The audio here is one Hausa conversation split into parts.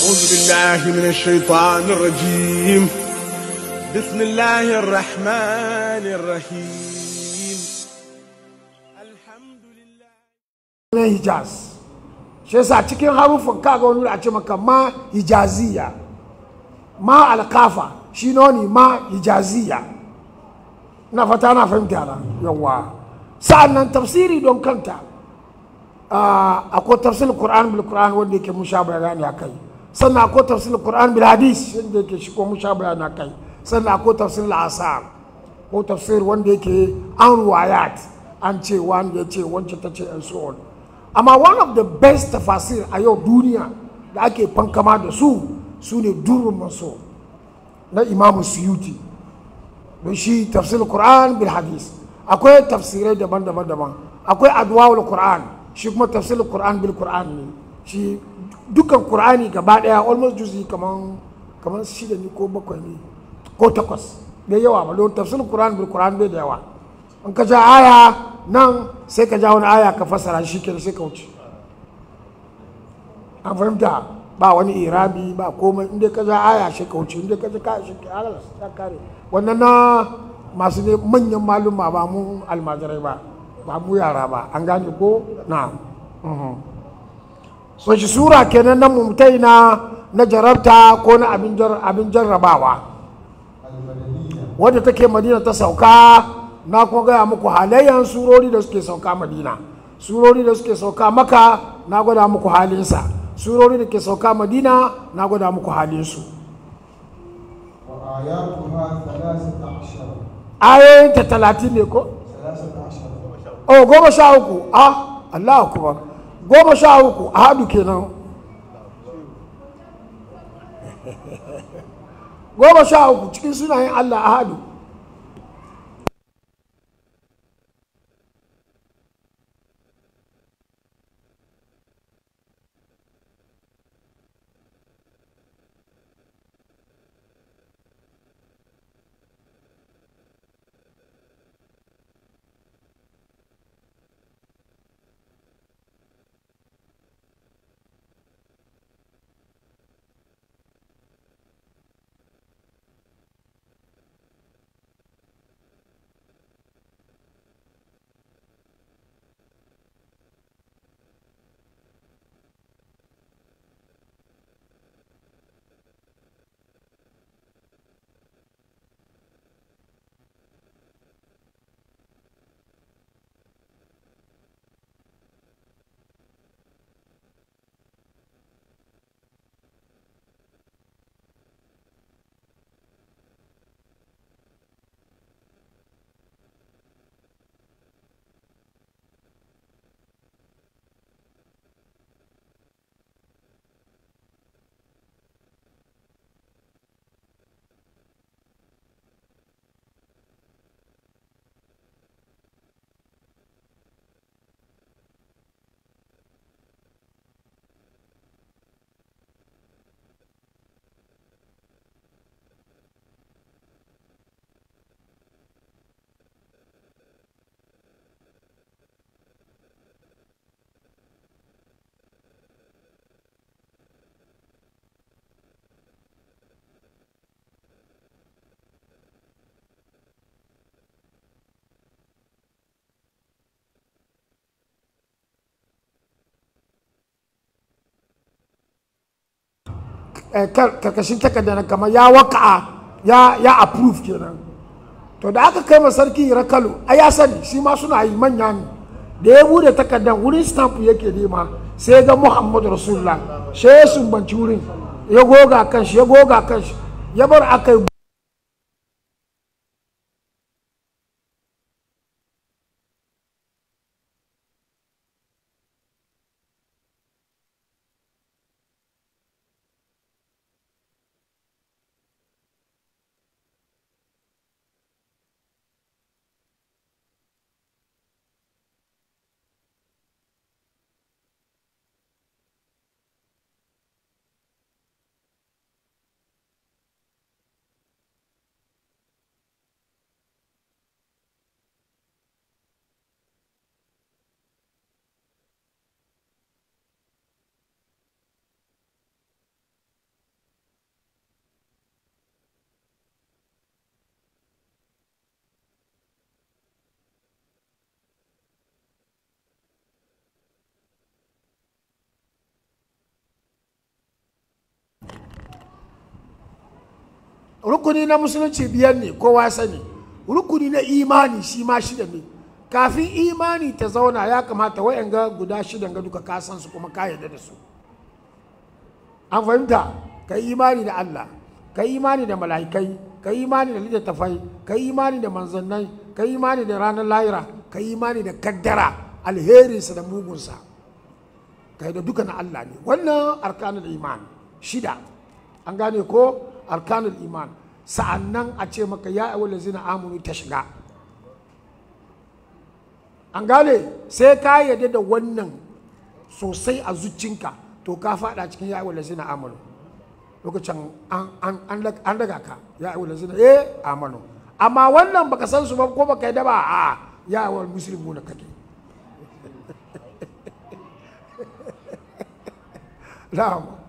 أعوذ بالله من الشيطان الرجيم بسم الله الرحمن الرحيم الحمد لله الله إجاز شيسا تكين غابو فكاغو نولا أتمكا ما إجازية ما القافة شينوني ما إجازية نفتانا فهمت هذا يوا سألنا تفسيري دون كنتا آه أكو تفسير القرآن بالقرآن ودي كمشابه يعني أكيد sannan akwai tafsir Qur'an bil hadis wanda yake shi ko musha bayana kai sannan akwai tafsir al-asar ko tafsir wanda yake an ruwayat an ce wanda ya ce wance ta ce and so on amma one of the best tafasir a yau duniya da ake fankama da su su ne durun maso na imam suyuti don shi tafsir Qur'an bil hadis akwai tafsirai daban-daban daban akwai adwawul Qur'an shi kuma tafsir Qur'an bil Qur'an ne shi dukkan kur'ani gaba daya almost juzi kaman shida ne ko bakwai ne ko takwas da yawa ba don tafsirin qur'an bil qur'an bai da yawa in ka ja aya nan sai ka ja wani aya ka fassara shi ke sai ka wuce an fahimta ba wani irabi ba komai inda ka ja aya shi ka wuce inda ka ja ka shi ka kare wannan na masu ne manyan maluma ba mu almajirai ba ba mu yara ba an gane ko na wace sura kenan na mumtai na na jarabta ko na abin jarrabawa wadda take madina ta sauka na kuma gaya muku halayyar surori da suke sauka madina surori da suke sauka maka na gwada muku halinsa surori da ke sauka madina na gwada muku halinsu ayoyinta talatin ne ko? oh goma sha uku ah allah akubar goma sha uku a hadu kenan goma sha uku cikin sunayen allah a hadu Eh, karkashin takardar nan kamar ya waka ya ya approve kenan to da aka kai ma sarki rakalo a ya sani shi ma suna yi manya ne da ya bude takardar wurin stamp yake nema sai ga muhammadu rasulullah shi ya sumbanci wurin ya goga kanshi ya goga kanshi ya bar aka rukuni na musulunci biyar ne kowa sani rukuni na imani shi ma shida ne kafin imani ta zauna ya kamata wayan ga guda shida ga duka kasan su kuma ka yarda da su an fahimta ka yi imani da Allah ka yi imani da mala'ikai ka yi imani da Tafai ka yi imani da manzannai ka yi imani da ranar lahira ka yi imani da kaddara alherinsa da mugunsa ka yi da duka na Allah ne wannan arkanul iman shida an gane ko arkanul iman sa'annan a ce maka ya ayyuhal lazina amanu ta shiga an gane sai ka yadda da wannan sosai a zuccinka to ka fada cikin ya ayyuhal ladzina amanu lokacin an daga ka ya ayyuhal lazina eh amanu amma wannan baka san su ba ko baka yarda ba a ya ayyuhal na kake na'am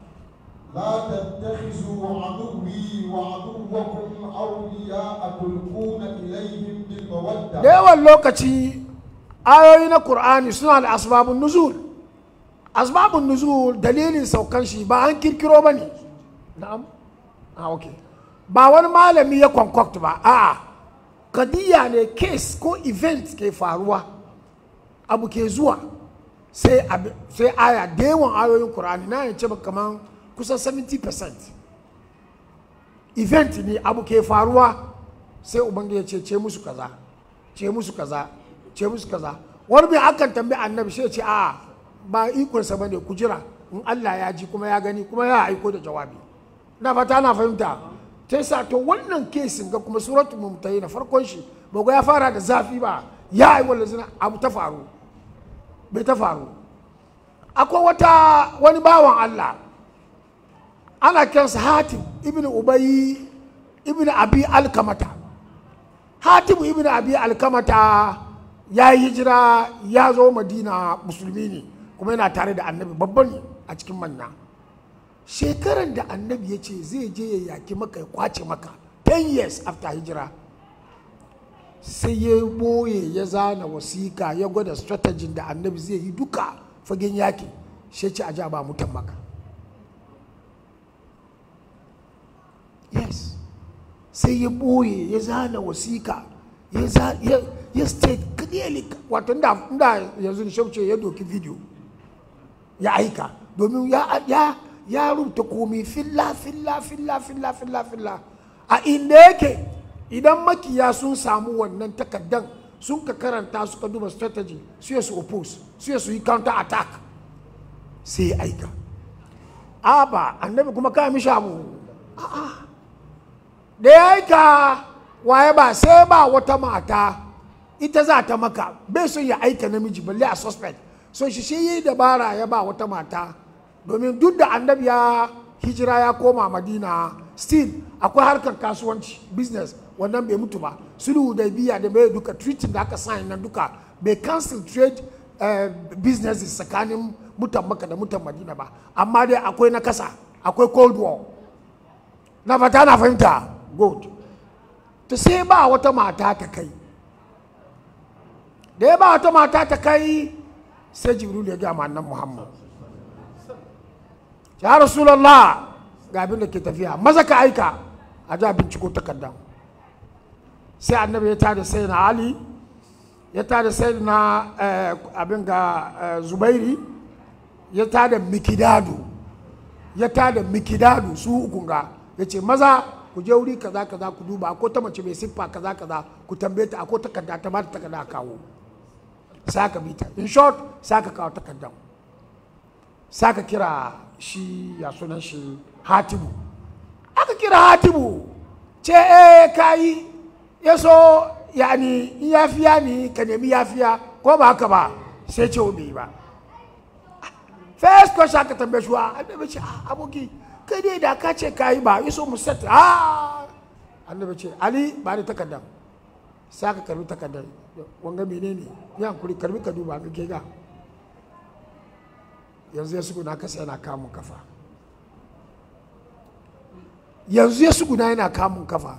لا تتخذوا عدوي وعدوكم أولياء تلقون إليهم بالمودة da yawan lokaci ayoyi na Kur'ani suna da asbabun nuzul asbabun nuzul dalilin saukan shi ba an kirkiro ba ne na'am ah okay ba wani malami ya concoct ba a'a kadiya ne case ko event ke faruwa abu ke zuwa sai aya da ayoyin Kur'ani na yace ba kaman kusan 70% event ne abu ke faruwa sai ubangi ya ce ce musu kaza ce musu kaza ce musu kaza wani bai akan tambayi annabi sai ce a ba ikonsa bane ku jira in Allah ya ji kuma ya gani kuma ya aiko da jawabi na fata na fahimta ta yasa to wannan kesin ga kuma suratul mumtahi na farkon shi bago ya fara da zafi ba ya yi wala zina abu ta faru bai ta faru akwai wata wani bawan Allah ana kiransa hatim ibn ubayi ibn abi alkamata hatim ibn abi alkamata ya yi hijira ya zo madina musulmi ne kuma yana tare da annabi babban a cikin manna shekaran da annabi ya ce zai je ya yaki maka ya kwace maka 10 years after hijira sai ya boye ya zana wasiƙa ya gwada strategy da annabi zai yi duka fagen yaki shi ce a ja ba mutan maka yes sai ya ɓoye ya zana wasika ya state clearly wato da yanzu shauce ya doki video ya aika domin ya rubuta komi filla filla filla filla filla filla a inda yake idan makiya sun samu wannan takardar sun ka karanta suka duba strategy su su oppose su su yi counter attack sai ya aika a ba annabi kuma ka mishi abu a'a da ya aika waye ba sai ba wata mata ita za ta maka bai son ya aika namiji balle a suspect so shi shi yi dabara ya ba wata mata domin duk da annabi ya hijira ya koma madina still akwai harkar kasuwanci business wannan bai mutu ba sulhu da biya da bai duka treating da aka sign na duka bai cancel trade uh, businesses tsakanin mutan maka da mutan madina ba amma dai akwai na kasa akwai cold war na fata na fahimta good ta sai ba wata mata ta kai da ya ba wata mata ta kai sai jibril ya gama manan muhammad ya rasulallah ga abin da ke tafiya maza ka aika a ji binciko takarda sai annabi ya tada sai na ali ya tada sai na eh, abin ga eh, zubairi ya tada mikidadu ya tada mikidadu su hukunga ya ce maza ku je wuri kaza kaza ku duba ko ta mace mai siffa kaza kaza ku tambaye ta ko takarda ta bata ta takarda kawo saka bita in short saka kawo takardan saka kira shi ya sunan shi hatibu aka kira hatibu ce eh kai ya so yani in yafiya ne ka nemi yafiya ko ba haka ba sai ce bai ba first question aka tambaye shi wa annabi ce ah, aboki kai dai da ka ce ka yi ba iso set a annabi ce ali ba ni takardar sai ka karbi takardar wanga mene ne ya hankuri karbi ka duba ka ke ga yanzu ya suguna kasa yana kamun kafa yanzu ya suguna yana kamun kafa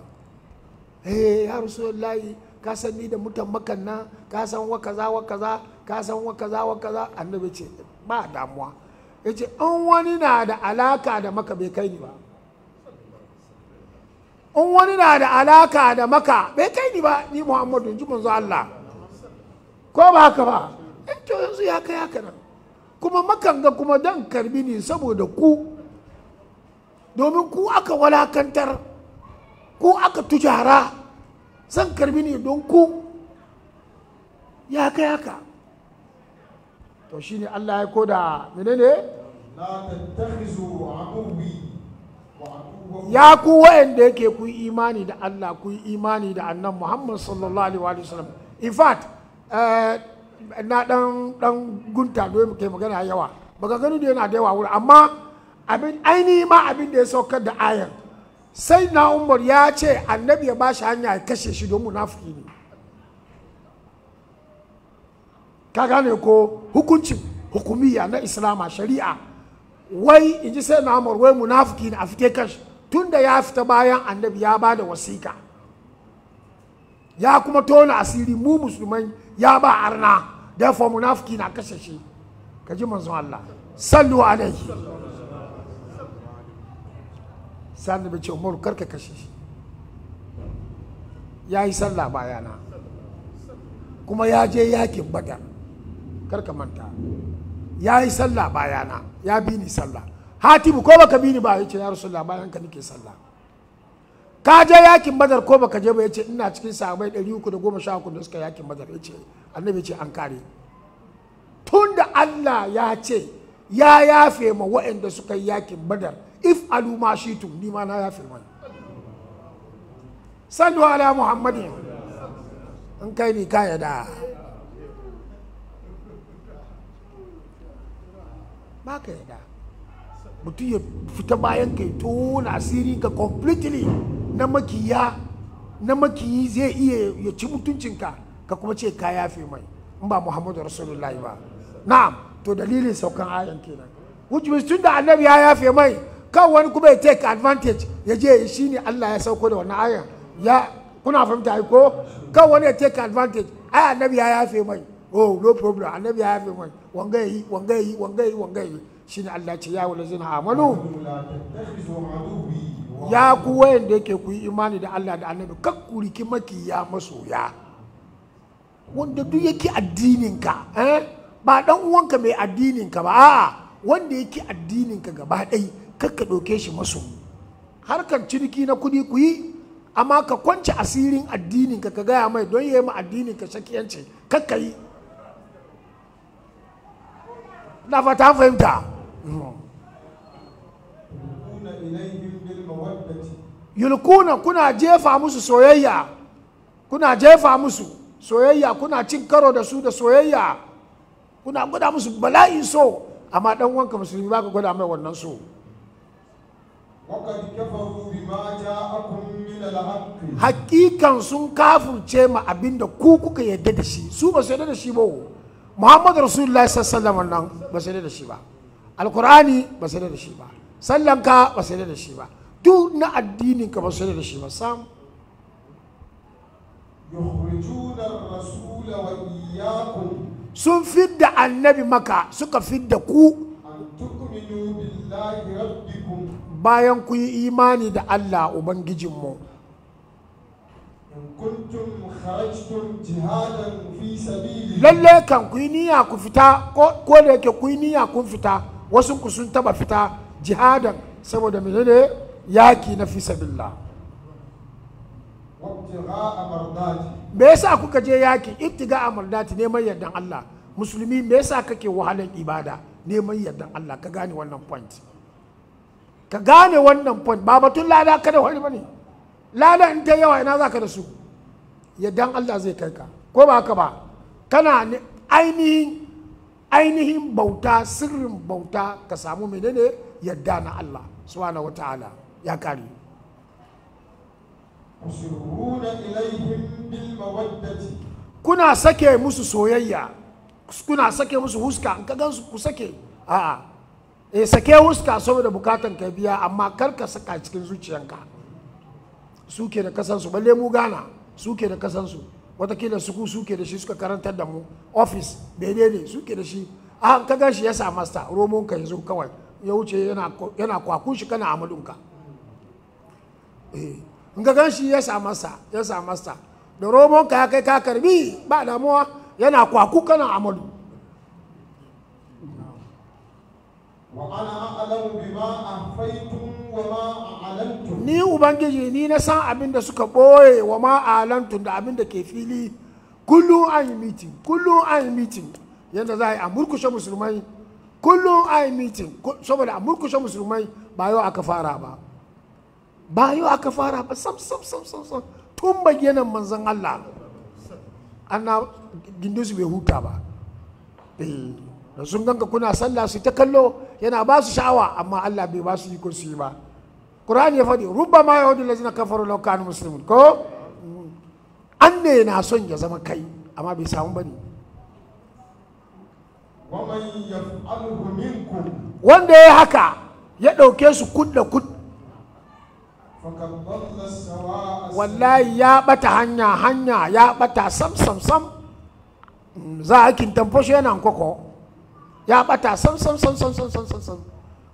eh ya rasulullahi ka san ni da mutan makanna ka san wa kaza wa kaza ka san wa kaza wa kaza annabi ce ba damuwa ya ce in wani na da alaka da maka bai kai ni ba in wani na da alaka da maka bai kai ni ba ni muhammadu ji manzo Allah ko ba haka ba in eh, to yanzu ya kai haka nan kuma makan ga kuma dan karbi ni saboda ku domin ku aka walakantar ku aka tujara zan karbi ne don ku ya kai haka to ne Allah ya koda mene ne? ya ku wa'anda yake ku imani da Allah ku imani da annan Muhammad sallallahu alaihi wa sallam in fact eh, na dan dan gunta domin kai magana yawa ga gani da yana da yawa wuri amma abin ainihi ma abin da ya saukar da ayar sai na umar ya ce annabi ya shi hanya ya kashe shi don munafiki ne ka gane ko hukuncin hukumiya na islama shari'a wai in ji sai na amur wai munafiki na a kashi tun da ya fita bayan annabi ya ba da wasika ya kuma tona asiri mu musulmai ya ba arna dafa munafuki na kashe shi ka ji manzon Allah sallu alaihi sannan bai ce umaru karka kashe shi ya yi sallah bayana kuma ya je yakin badar karka manta ya yi sallah bayana ya bi ni sallah hatibu ko baka bi ni ba ya ce ya rasulullah bayan ka nake sallah ka je yakin badar ko baka je ba ya ce ina cikin sahabbai 313 da suka yakin badar ya ce annabi ya ce an kare tun da Allah ya ce ya yafe ma waɗanda suka yi yakin badar if alu ma shi tun ni ma na yafe mani sallu ala muhammadin in kai ni ka yada ba ka yada mutum ya fita bayan ka tona asiri ka completely na makiya na makiyi zai iya ya ci mutuncinka ka kuma ce ka yafe mai in ba muhammadu rasulullahi ba na'am to dalilin saukan ayan kenan which means tunda annabi ya yafe mai kan wani kuma ya take advantage ya je shi ne Allah ya sauko da wannan ayan ya kuna fahimta ko kan wani ya take advantage ai annabi ya yafe mai oh no problem annabi ya yafe mai wanga yi wanga yi wanga yi wanga yi shine Allah ce ya wala zina amalu ya ku wayanda yake ku yi imani da Allah da annabi kak ku riki makiya masoya wanda duk yake addinin ka eh ba dan uwanka mai addinin ka ba a'a wanda yake addinin ka gaba ɗai kar doke ɗauke shi maso harkar ciniki na kuɗi ku yi amma ka kwance asirin addinin ka ka gaya mai don ya yi ma addinin ka shakiyanci kakka yi na fata fahimta yulkuna kuna jefa musu soyayya kuna jefa musu soyayya kuna cin karo da su da soyayya kuna gwada musu bala'in so amma dan wanka musulmi ba ka gwada mai wannan so hakikan sun kafurce ma abinda ku kuka yadda da shi su ba su yadda da shi ba muhammadu rasulullahi sallallahu nan ba sai da shi ba alkur'ani ba sai da shi ba sallanka ba sai da shi ba duk na addinin ka ba sai da shi ba sam sun fidda annabi maka suka fidda ku bayan ku yi imani da Allah Ubangijinmu lalle kan ku yi niyya ku fita ko da yake ku yi niyya kun fita wasu ku sun taba fita jihadan saboda menene yaki na fi sabilla me yasa kuka je yaki ittiga amardati neman yardan Allah musulmi me yasa kake wahalan ibada neman yardan Allah ka gane wannan point ka gane wannan point ba batun lada kada wani bane lada in ta yawa ina zaka da su yaddan Allah zai kai ka ko ba haka ba kana ainihin ainihin bauta sirrin bauta ka samu menene yadda na Allah suwana wata'ala ya kare kuna sake musu soyayya kuna sake musu huska in ka gansu ku sake a'a e sake huska saboda bukatan ka biya amma kar ka saka cikin zuciyanka suke da kasansu balle mu gana suke da kasansu watakila suku suke da shi suka karantar da mu office ne suke da shi a ka gashi ya sa masta romon ka yanzu kawai ya wuce yana kwakun shi kana amadunka eh, in ka ganshi ya sa masta ya sa masta da romon ka ya kai ka karbi ba damuwa yana kwaku kana amadu وأنا أعلم بما أخفيتم ni ubangiji ni na san abin da suka ɓoye wa ma'alantu da abin da ke fili kullum an yi mitin kullum an yi mitin yadda za a yi a murkushe musulmai kullum an yi mitin saboda a murkushe musulmai ba yau aka fara ba ba yau aka fara ba sam sam sam sam sam tun bayyanan manzan Allah ana Gindusu bai huta ba eh, da sun ganga kuna sallah su ta kallo yana ba su sha'awa amma Allah bai ba su iko su yi ba Qur'ani ya faɗi rubba ma yahudu lazina kafaru law kanu muslimun ko an ne na son ya zama kai amma bai samu bane wanda ya haka ya ɗauke su kud da kud wallahi ya ɓata hanya hanya ya ɓata sam sam sam mm, za a kin fashe yana kwakwa ya bata sam sam sam sam sam sam sam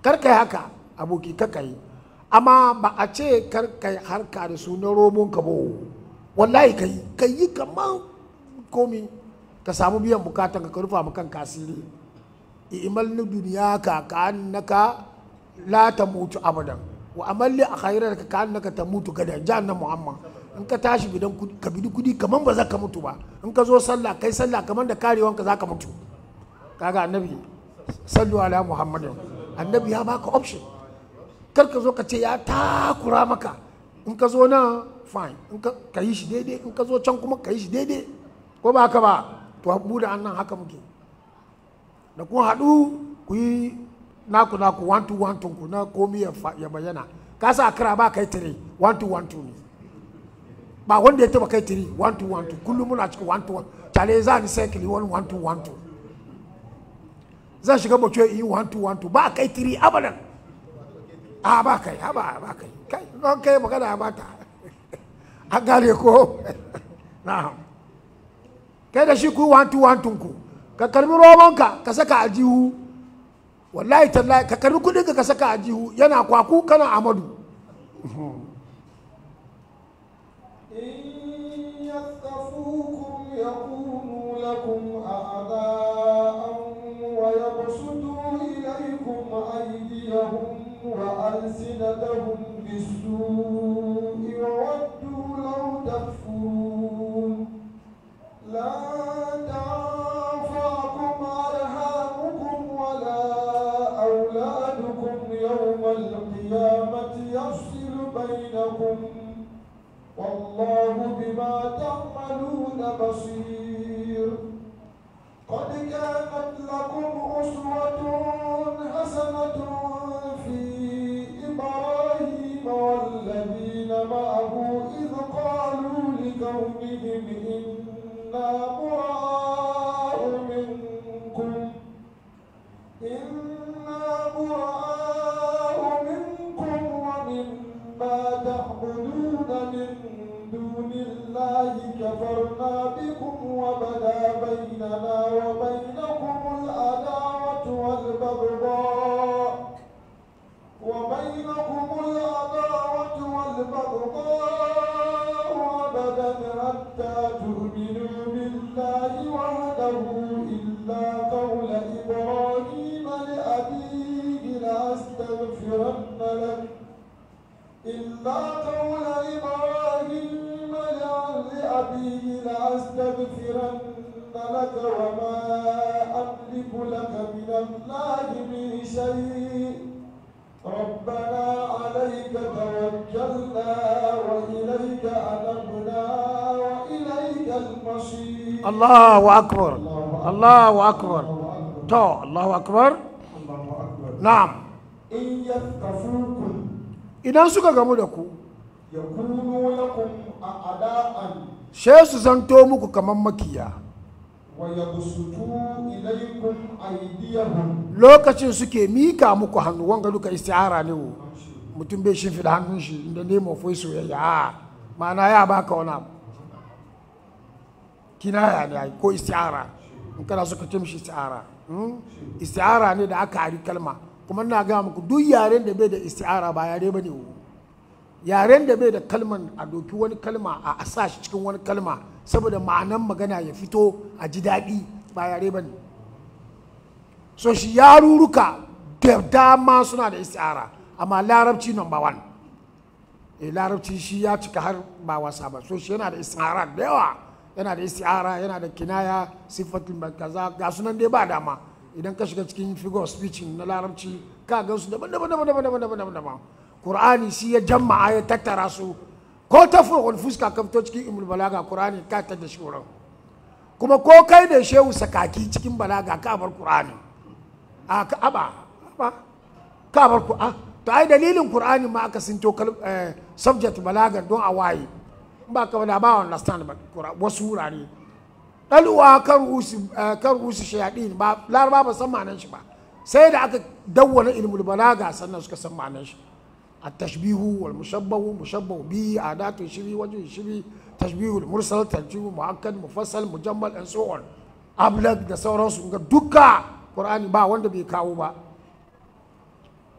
kar kai haka aboki ka kai amma ba a ce kar kai harka da sunan na romon ka ba wallahi kai kai yi kaman komi ka samu biyan bukatan ka rufa mu kan asiri i'mal nu duniya ka ka annaka la mutu abadan wa amal li akhiraka ka annaka tamutu gadan jannan muhammad in ka tashi bidan ka bidi kudi kaman ba za ka mutu ba in ka zo sallah kai sallah kaman da karewanka za ka mutu kaga annabi sallu ala muhammadin annabi ya baka option kar ka zo ka ce ya takura maka in ka zo nan fine in ka yi shi daidai in ka zo can kuma ka yi shi daidai ko ba haka ba to mu da annan haka muke da kun haɗu ku yi naku naku one to one two ku na komi ya bayyana ka sa kira ba kai tire one to one two ne ba wanda ya taba kai tire one to one two kullum muna cikin one to one chale za ni sai kili wani one to one two za shiga bakiyo yi one two one two ba kai tiri abadan a ba kai a ba ba kai kai don kai magana ba ta a gane ko na'am kai da shi ku one two one two ku ka karbi romanka ka saka a jihu wallahi tallahi ka karbi kudin ka saka a jihu yana kwaku kana amadu in yaskafukum yakunu lakum a'da'an ويبسطوا إليكم أيديهم وألسنتهم بالسوء وودوا لو تكفرون لا تنفعكم أرحامكم ولا أولادكم يوم القيامة يفصل بينكم والله بما تعملون بصير قد كان إنا براء منكم إنا كفرنا بكم وبدا بيننا وبين لا قول إبراهيم لأبيه لأستغفرن لك وما أملك لك من الله من شيء ربنا عليك توكلنا وإليك أنبنا وإليك المصير الله أكبر الله أكبر الله اكبر الله أكبر نعم إن يثقفوكم idan suka gamu da ku ya kunu a a'da'an she su zanto muku kamar makiya wa yabsutu ilaykum aydiyahum lokacin suke mika muku hannu wanga duka istihara ne mutum bai shin fida hannun shi inda ne mafai soyayya ma'ana ya baka wani abu ya ne ko istihara in kana suka tumshi istihara hmm? istihara ne da aka ari kalma kuma na ga muku duk yaren da bai da isti'ara ba yare bane yaren da bai da kalman a doki wani kalma a asa cikin wani kalma saboda ma'anan magana ya fito a ji daɗi ba yare bane so shi yaruruka da dama suna da isti'ara amma larabci number one e larabci shi ya cika har ba wasa ba so shi yana da isti'ara da yawa yana da isti'ara yana da kinaya sifatin kaza ga sunan dai ba dama idan ka shiga cikin figure of speech na larabci ka ga su daban daban daban daban daban daban daban qur'ani shi ya jama'a ya tattara su ko ta fuhul fuska ka fito cikin ibn balaga qur'ani ka ta da shi wurin kuma ko kai da shehu sakaki cikin balaga ka bar qur'ani a ka aba aba ka bar ku a to ai dalilin qur'ani ma aka sun sinto eh, subject balaga don a waye ba ka da ba understand ba wasu wurare ɗaluwa kan rusu eh, shayaɗin ba laraba ba san ma'anan shi ba sai da aka dawwana ilmul balaga sannan suka san ma'anan shi a tashbihu التشبيه والمشبه مشبه به عادات شبه وجه شبه تشبيه المرسل ترجيح مؤكد مفصل مجمل and so on ablak da sauransu ga dukka qur'ani ba wanda bai kawo ba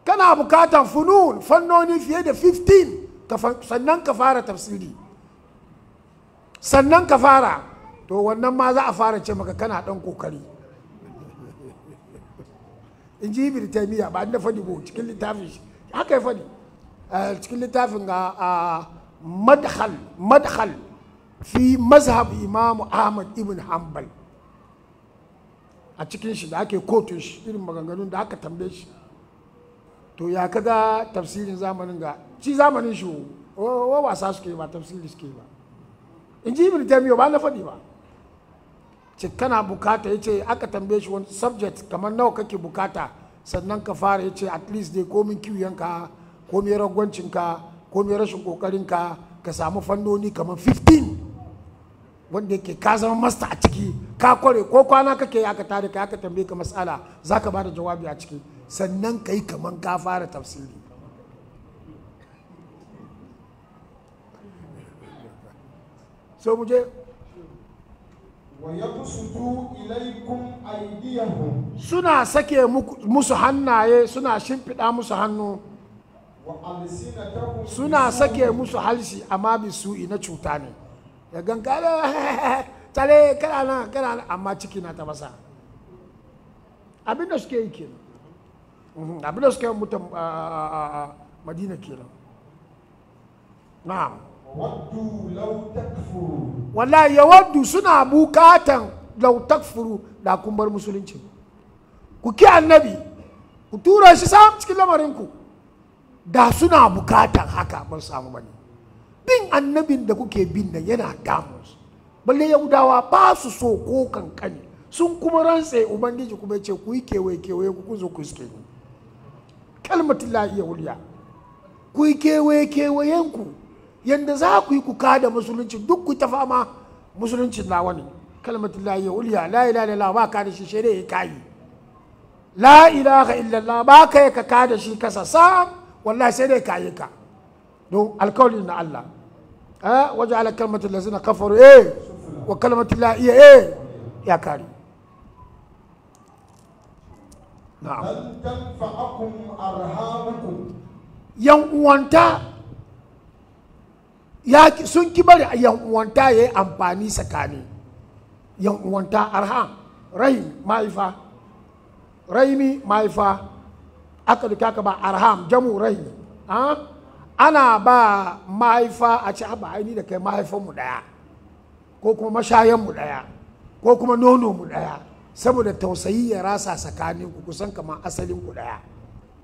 kana bukatan funun fannoni fiye da 15 sannan ka fara tafsiri sannan ka fara to wannan ma za a fara ce maka kana dan kokari in ji ibn taymiya ba da fadi bo cikin littafin shi haka ya fadi eh, cikin littafin a madhal madhal fi mazhab imam ahmad ibn hanbal a cikin shi da ake kotun shi irin maganganun da aka tambaye shi to ya kaga tafsirin zamanin ga ci zamanin shi wa wasa suke ba tafsirin suke ba in ji ibn taymiya ba na fadi ba ce kana bukata ya ce aka tambaye shi wani subject kamar nawa kake bukata sannan ka fara ya ce at least dai komin kiwiyanka komin ragwancinka komin rashin kokarinka ka samu fannoni kamar 15 wanda yake ka zama master a ciki ka kware ko kwana kake ya ka tare ka aka tambaye ka matsala za ka bada jawabi a ciki sannan ka yi kamar ka fara tafsiri so mu suna sake musu hannaye suna shimfiɗa musu hannu suna sake musu halshi amma bisu ina cuta ne ya ganka tare kana nan kana nan amma ciki na ta basa abinda suke yi kenan abinda suke yi mutan madina kenan na'am wallahi yawaddu suna bukatan law takfuru da kun bar musulunci ku ki annabi ku tura shi sam cikin lamarin ku da suna bukatan haka ban samu bane bin annabin da kuke bin nan yana damu balle yahudawa ba su so ko kankani sun kuma rantse ubangiji kuma ce ku yi kewaye kewaye ku zo ku iske ni kalmatin la wuliya ku yi kewaye kewayen ku yanda za ku yi ku kada musulunci duk ku ta fama musulunci na wani kalmatullahi ya uliya la ilaha illallah ba ka da shi shi ne kai la ilaha illallah ba ka ka kada shi kasa sam wallahi sai dai kayi ka do alkawli na Allah eh waje ala kalmatul lazina kafaru eh wa kalmatullahi eh ya kare na'am hal tanfa'akum arhamukum yan uwanta ya ki sun ki bari yan uwanta yayi amfani tsakani yan uwanta arham rahim mahaifa rahimi mahaifa aka duka ka ba arham jamu rahim ana ba mahaifa a ci haba aini da kai mahaifanmu daya ko kuma mu daya ko kuma nononmu daya saboda tausayi ya rasa tsakanin ku kusan kamar asalin ku daya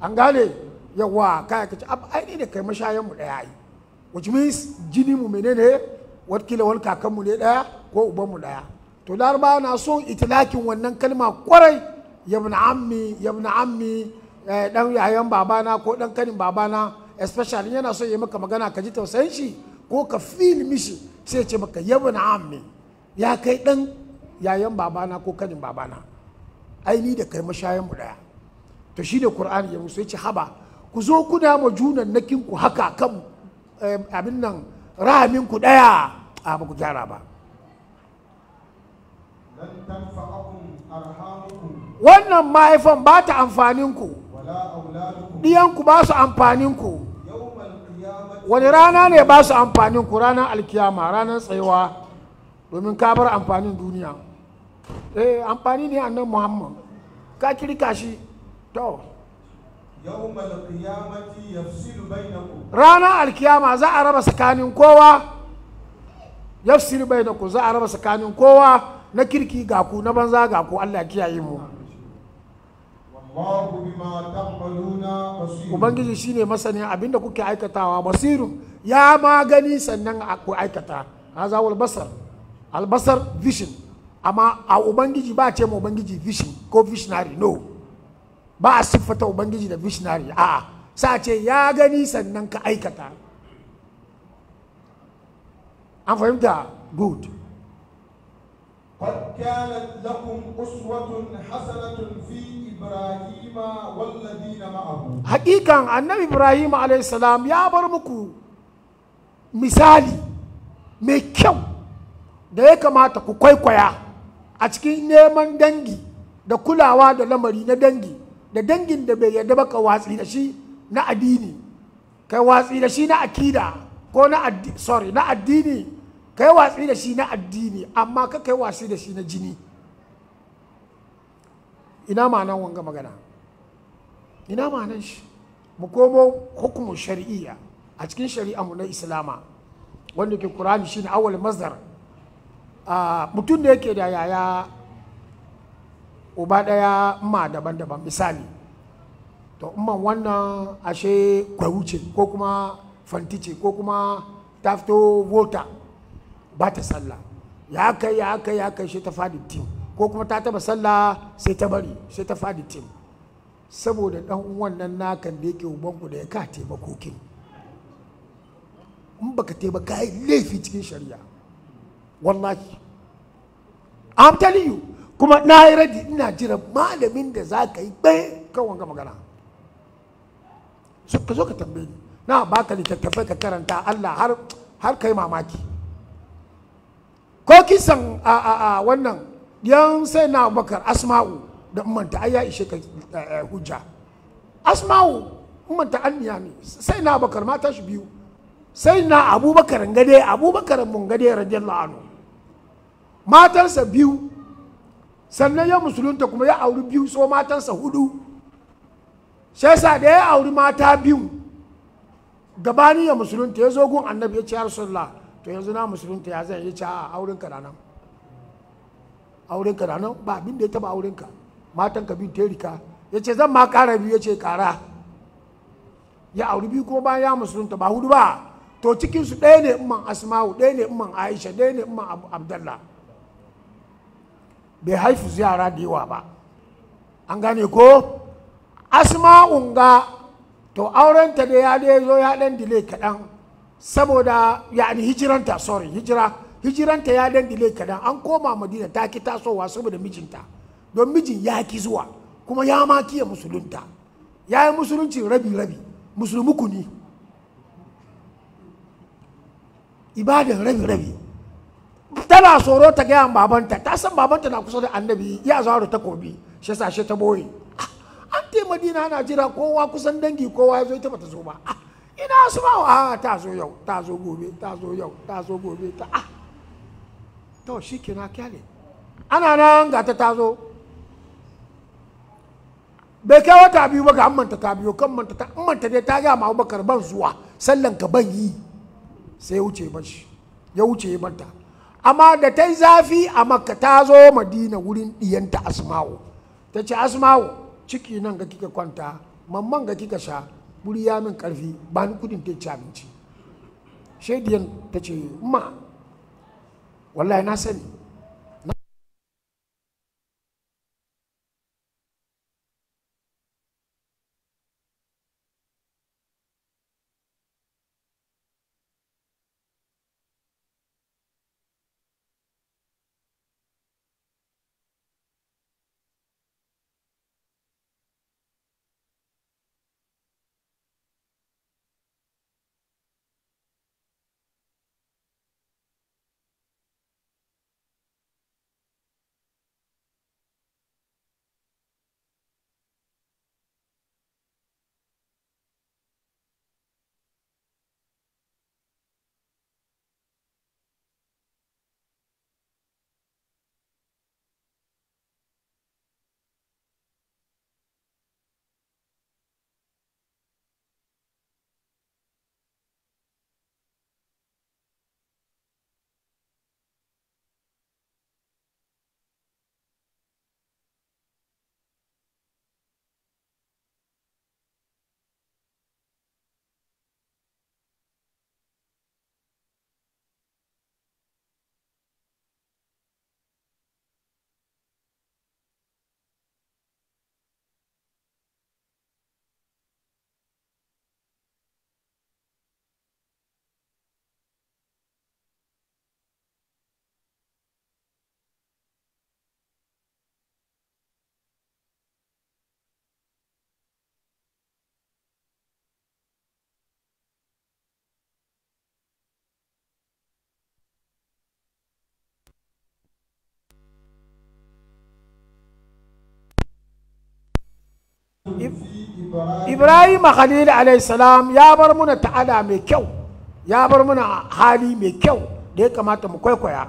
an gane yawa kai ka ci aini da kai mu daya ai which means jini mu menene watakila wani kakanmu ne daya ko ubanmu daya to laraba na son itilakin wannan kalma kwarai yabna ammi yabna ammi dan eh, yayan babana ko dan kanin babana especially yana so ya maka magana ka ji tausayin shi ko ka feel mishi sai ce maka yabna ammi ya kai dan yayan babana ko kanin babana ai ni da kai mashayan mu daya to shine qur'ani ya musu yace haba ku zo kuna ma junan nakin ku haka kanmu abin nan rahamin ku daya a ba ku gyara ba wannan mahaifan ba ta amfanin ku ku ba su amfanin ku wani rana ne ba su amfanin ku ranar alkiyama ranar tsayawa domin ka bar amfanin duniya eh amfani ne annan muhammad ka kirka shi to ranar alkiyama za a raba tsakanin kowa bai da ku za a raba tsakanin kowa na kirki ga ku na banza ga ku Allah kiyaye mu ubangiji shine masanin abinda kuke aikatawa basiru ya ma gani sannan ku aikata haza wal basar albasar vision amma a ubangiji ba ce ma ubangiji vision ko visionary no ba a siffata ubangiji da visionary a'a sa ce ya gani sannan ka aikata an fahimta good قد كانت لكم أسوة حسنة في na والذين hakikan حقيقة ya bar muku misali mai kyau da ya kamata ku kwaikwaya a cikin neman dangi da kulawa da lamari na dangi da dangin da bai yarda ba ka watsi da shi na addini kai watsi da shi na akida ko na addini sorry na addini kai watsi da shi na addini amma ka kai watsi da shi na jini ina ma'anan wanga magana ina ma'anan shi mu komo hukumun shari'iyya a cikin shari'a mu na islama wanda ke kurani shine awal mazhar ah, mutum da yake da yaya uba ɗaya ma daban-daban misali to man wannan ashe kwaru ko kuma fanti ko kuma ta fito vota ba ta sallah ya kai ya kai ya kai shi ta fadi tim ko kuma ta taba sallah sai ta bari sai ta fadi tim saboda dan uwan nan nakan da yake ubanku da ya ka taimako kin in baka taimaka yi laifi cikin shari'a wallahi i'm telling you kuma na yi radi ina jiran malamin da za ka yi ɗaya kan wanga magana ka zo ka tambaye na baka littattafai ka karanta Allah har kai mamaki ko kisan a a wannan yan sai na bakar asma'u da manta ai ya ishe ka eh, eh, hujja asma'u manta anniya ne sai na bakar mata shi biyu sai na abubakar gade abubakar mun gade radiyallahu anhu matarsa biyu sannan ya musulunta kuma ya auri biyu so matansa hudu sai sa da ya auri mata biyu gabani ya musulunta ya zo gun annabi ya ce ya to yanzu na musulunta ya zai ya ci a auren ka ranar auren ka ranar ba abin da ya taba auren ka matan ka biyu terika ya ce zan ma kara biyu ya ce kara ya auri biyu kuma bayan ya musulunta ba hudu ba to cikinsu ɗaya ne umman asma'u ɗaya ne umman aisha ɗaya ne umman abdallah bai haifu ziyara da yawa ba an gane ko asma unga to aurenta da ya dai zo ya dan delay kaɗan saboda ni hijiranta sorry hijira hijiranta ya dan delay kaɗan an koma madina ta ki tasowa saboda mijinta don mijin ya ki zuwa kuma ya ma kiya musulunta ya yi musulunci rabi rabi musulmuku kuni ibadan rabi rabi tana tsoro ta gaya babanta ta san babanta na kusa da annabi ya ta takobi shi yasa shi ta boye an ah, te madina ana jira kowa kusan dangi kowa ya zo ita bata zo ba ah, ina su ba ah, a ta zo yau ta zo gobe ta zo yau ta zo gobe ta a to shi na kyale ana nan ga ta ta zo bai kai wata biyu ba ga amanta ta biyu kan manta ta amanta dai ta ga ma Abubakar ban zuwa sallan ka ban yi sai ya wuce ba shi ya wuce ya manta amma da ta yi zafi a makka ta zo madina wurin ta asma'u ta ce asma'u ciki nan ga kika kwanta mamman ga kika sha wuri ya min karfi ba ni kudin ta ci abinci shaidiyan ta ce ma wallahi na sani ibrahim khalil alaihissalam ya bar muna ta'ada mai kyau ya bar muna hali mai kyau da ya kamata mu kwaikwaya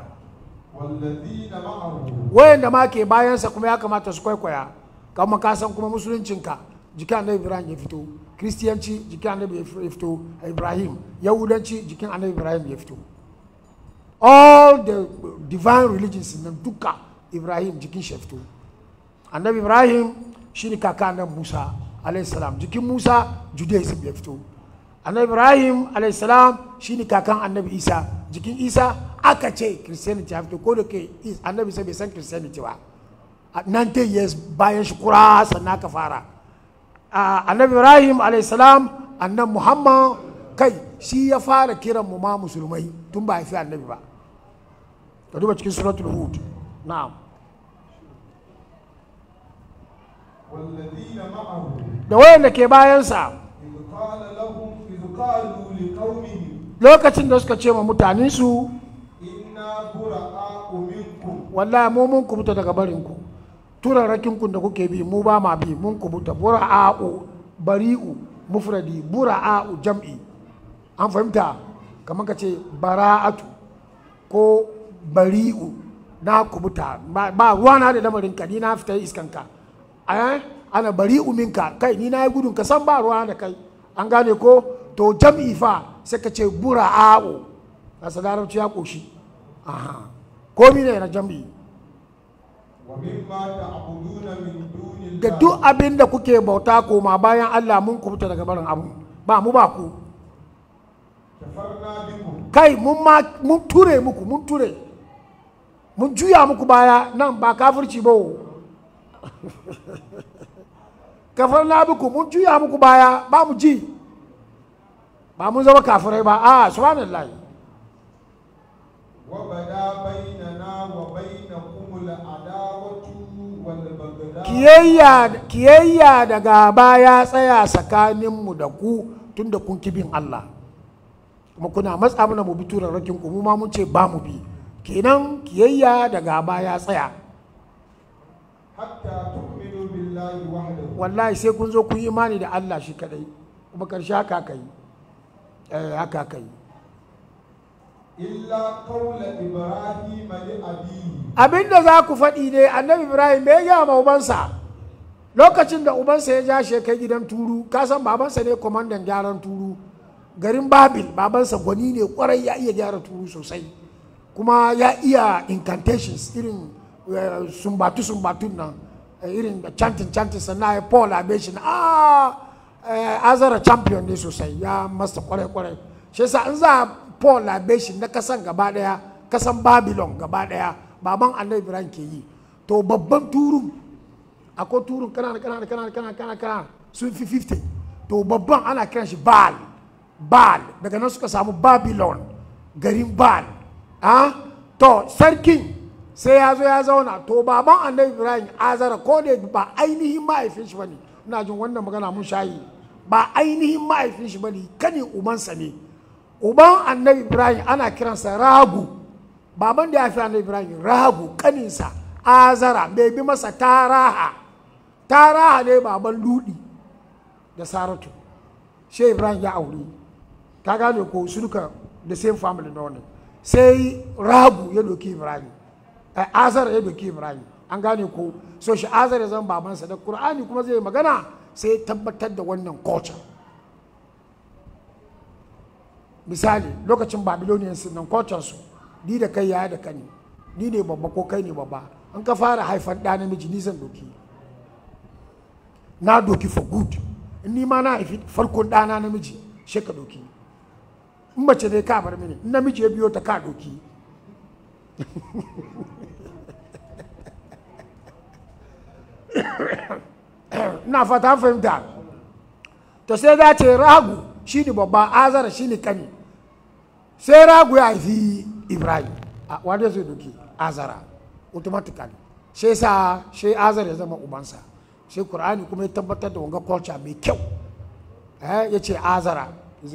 da ma ke bayansa kuma ya kamata su kwaikwaya kama ka san kuma musuluncinka jikin annabi ibrahim ya fito kiristiyanci jikin annabi ya fito ibrahim yahudanci jikin annabi ibrahim ya fito all the divine religions nan duka ibrahim jikin shi ya fito annabi ibrahim shine kaka Musa alaihissalam jikin Musa Judaism ya fito annabi Ibrahim alaihissalam shine kakan annabi Isa jikin Isa aka ce Christianity ya fito ko da ke annabi sai bai san Christianity ba a 90 years bayan shi kura sannan aka fara annabi Ibrahim alaihissalam annabi Muhammad kai shi ya fara kiran mu ma musulmai tun ba fi annabi ba ka duba cikin suratul hud na'am da wayanda ke bayansa lokacin da suka ce ma mutanensu wallahi mu mun kubuta daga barinku turarrakinku da kuke bi mu ba ma bi mun kubuta bura'a'u bari'u mufradi bura'a'u jam'i an fahimta kamar ka ce bara'atu ko bari'u na kubuta ba ruwana da lamarin ka ni na fita iskanka Eh? ana bari uminka kai ni na yi gudun ka san ba ruwa da kai an gane ko to jam'i fa sai ka ce bura'a'u na larabci ya koshi aha ko ne na jam'i da duk abin da kuke bauta koma bayan Allah mun kubuta daga barin abu ba mu ba ku kai mun ture muku mun ture mun juya muku baya nan ba kafirci ba kafar na biku mun juya muku baya ba mu ji ba mun zama kafirai ba a ah, subhanallahi wabada kiyayya daga baya tsaya tsakaninmu da ku da kun bin Allah kuma kuna matsa mana mu bi turarrakin ku mu ma mun ce ba mu bi kenan kiyayya daga baya tsaya wallahi sai kun zo kun yi imani da Allah shi kadai kuma karshe haka kai eh haka kai illa qawla ibrahim li abinda za ku faɗi ne annabi ibrahim bai gaya ma ubansa lokacin da ubansa ya ja shi kai gidan turu kasan babansa ne kwamandan gyaran turu garin babil babansa gwani ne kwarai ya iya gyara turu sosai kuma ya iya incantations irin Eh, sumbatu sumbatu na eh, irin da chanting chanting sannan ya eh, paul abe shi na a ah, azara champion ne sosai ya masa kwarai kwarai shi yasa in za paul abe shi na kasan gaba daya kasan babylon gaba daya baban annabi ibrahim ke yi to babban turun akwai turun kanana kanana kanana kanana kanana sun fi 50 to babban ana kiran shi baal baal daga nan suka samu babylon garin baal ah, to sarkin sai ya zo ya zauna to baban annabi ibrahim azara ko da ba ainihin ma'aifin shi bane ina jin wannan magana mun shayi ba ainihin mahaifinshi shi bane kani umansa ne uban annabi ibrahim ana kiransa ragu baban da ya fi annabi ibrahim ragu kaninsa azara bai bi masa taraha taraha ne baban ludi da saratu she ibrahim ya aure ta gane ko su duka the same family na wannan sai ragu ya doki ibrahim azar ya doki ibrahim an gane ko so shi azar ya zama babansa da qur'ani kuma zai magana sai ya tabbatar da wannan culture misali lokacin babylonian sun nan culture su ni da kai ya da kani ni ne babba ko kai ne babba an ka fara haifan da namiji ni zan doki na doki for good in ni ma na haifi farkon ɗana namiji shi ka doki in mace ne ka bar mini namiji ya biyo ta ka doki ina fata fahimta to sai za ce ragu shi ne babba azara shi ne kani sai ragu ya haifi ibrahim wadda zai doki azara automatically sai sa sai azara ya zama ubansa sai qur'ani kuma ya tabbatar da wanga culture mai kyau eh, ya ce azara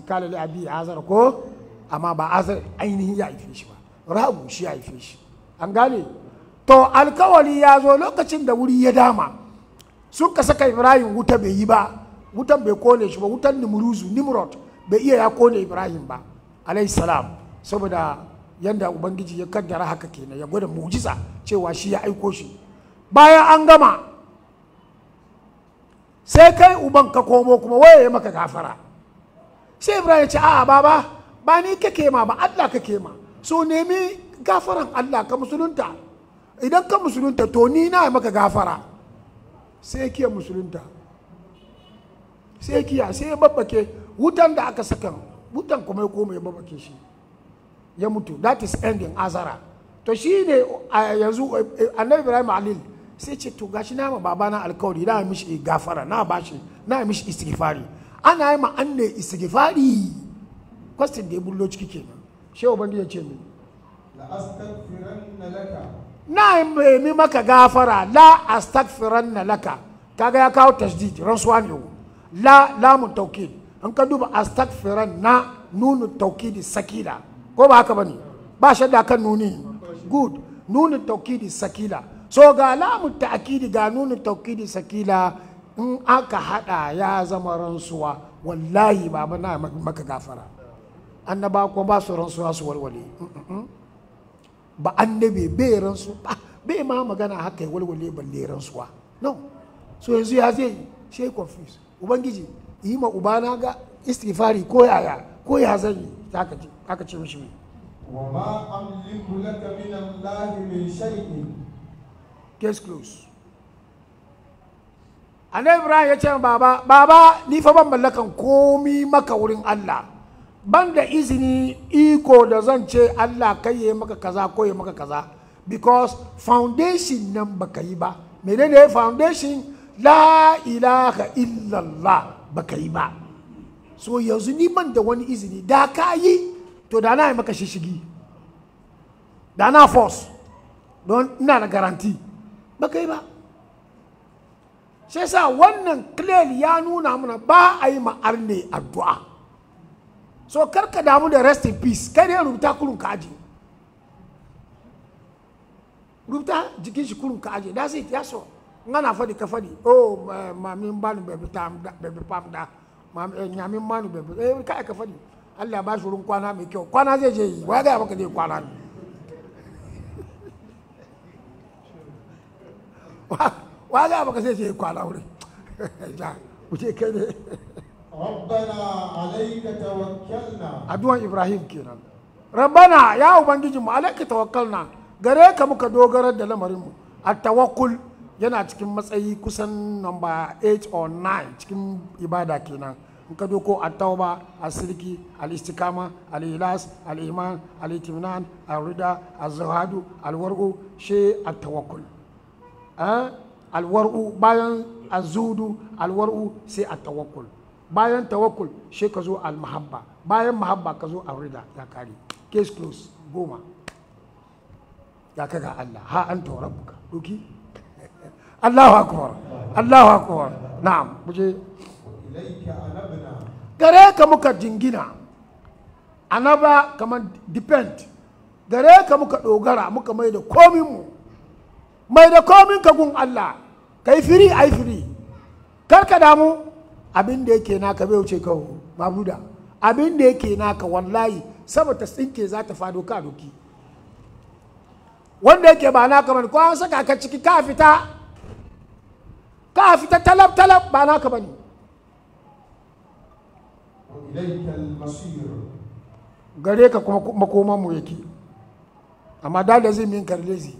kala da abi azara ko amma ba azara ainihin ya haife shi ba ragu shi ya haife shi an gane to alkawali ya zo lokacin da wuri ya dama suka saka ibrahim wuta bai yi ba wutan bai kone shi ba wutan nimruzu nimrod bai iya ya kone ibrahim ba alayhi salam saboda yanda ubangiji ya kaddara haka kenan ya gwada mujiza cewa shi ya aiko shi bayan an gama sai kai uban ka komo kuma waye ya maka gafara sai ibrahim ya ce a'a baba ba ni kake ma ba allah kake ma so nemi gafaran allah ka musulunta idan ka musulunta to ni na maka gafara sai kiya musulunta sai kiya sai ya babbake wutan da aka saka wutan kuma ya koma ya babbake shi ya mutu that is ending azara to shi ne yanzu annabi ibrahim alil sai ce to gashi na ma babana alkawari na mishi gafara na bashi na mishi istighfari ana yi ma an ne istighfari question da ya bullo ciki kenan shehu bandi ya ce min la astaghfiranna laka na nemi maka gafara la na laka kaga ya kawo tasdid ransuwa ne la lamun taukid in ka duba na nunu taukidi sakila ko ba haka bane ba shadda kan nuni good nunu taukidi sakila so ga lamun ta'kidi ga nunu taukidi sakila in aka hada ya zama rantsuwa wallahi baba na maka gafara annaba ko ba su rantsuwa su walwale mm, mm, mm. ba annabi bai ransu ba bai ma magana haka ya walwale balle ba no so yanzu ya zai shi confuse ubangiji yi ma ubana ga istighfari ko yaya ko ya zan yi zaka ce mishi wa ma amliku laka min Allah min shay'in case close annabi ibrahim ya ce baba baba ni fa ban mallakan komi maka wurin Allah ban da izini iko da zan ce Allah kai ya maka kaza ko ya maka kaza because foundation nan baka yi ba menene foundation la ilaha illallah baka yi ba so yanzu ni ban da wani izini da ka yi to da na yi maka shishigi da na force don ina da garanti baka yi ba sai sa wannan clearly ya nuna mana ba a yi ma'ar ne addu'a so karka damu da rest in peace kai dai rubuta kurun ka rubuta jikin shi kurun ka aje that's it that's all ngana fadi ka fadi oh mami mbanu bebe tam da bebe pam da mami eh, nyami mbanu bebe eh kai ka fadi Allah ba shi kwana mai kyau kwana zai je yi wa ga baka je kwana ne wa ga baka zai je kwana wurin ja wuce kai ne addu'an ibrahim kenan rabbana ya ubangijinmu alaika tawakkalna gare ka muka dogarar da lamarinmu a tawakkul yana cikin matsayi kusan number 8 or 9 cikin ibada kenan Muka ka doko a tauba a silki al-istikama al-ilas al-iman al-itminan a waru tawakkul alwaru bayan azudu alwar'u sai a tawakkul bayan tawakul shi ka zo almahabba bayan mahabba ka zo rida ya kare case close goma ya kaga Allah ha an rabbuka doki Allahu akbar Allahu akbar na'am buje gare ka muka jingina anaba kamar depend gare ka muka dogara muka mai da komin mu mai da komin ka gun Allah kai firi ai firi kar ka damu abin da yake naka bai wuce kawo babuda abin da yake naka wallahi sama ta tsinke za ta fado ka doki wanda yake ba naka bane ko an saka ka ciki ka fita ka fita talab talab ba naka bane gare ka kuma makoman mu yake amma da da zai min karlezi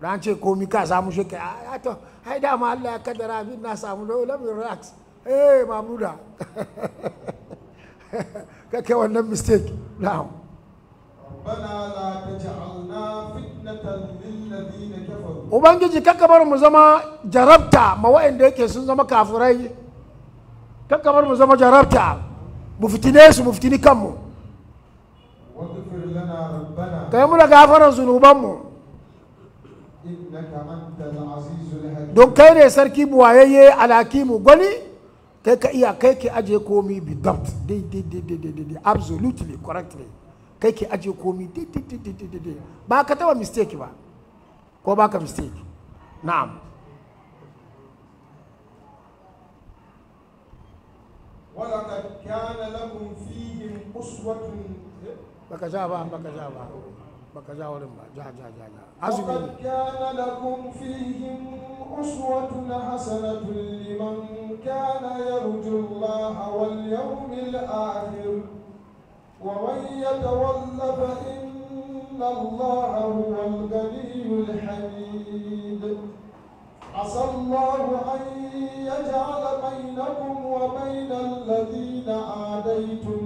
da ce komi ka samu shi kai a to ai ma Allah ya kaddara abin na samu lamin relax eh mamuda kake wannan mistake na'am ubangiji kakka bar mu zama jarabta ma wa'anda yake sun zama kafirai kakka bar mu zama jarabta mu fitine su mu fitini kanmu kai mu da gafaran zunubanmu don kai ne sarki buwayayye Alakimu gwani kai ka iya kai ke aje komi bi dot dai dai dai dai dai dai absolutely correctly kai ke aje komi dai dai dai dai ba ka taba mistake ba ko ba ka mistake na'am wala ka kana lakum fihim uswatun eh? baka ja ba ba baka ja ba baka ja wurin ba ja ja ja ja azumi ne kana lakum fihim uswatun hasanatun liman kana yarju Allah wal yawmil akhir wa man yatawalla fa inna Allah huwal ghaniyyul hamid عسى الله أن يجعل بينكم وبين الذين عاديتم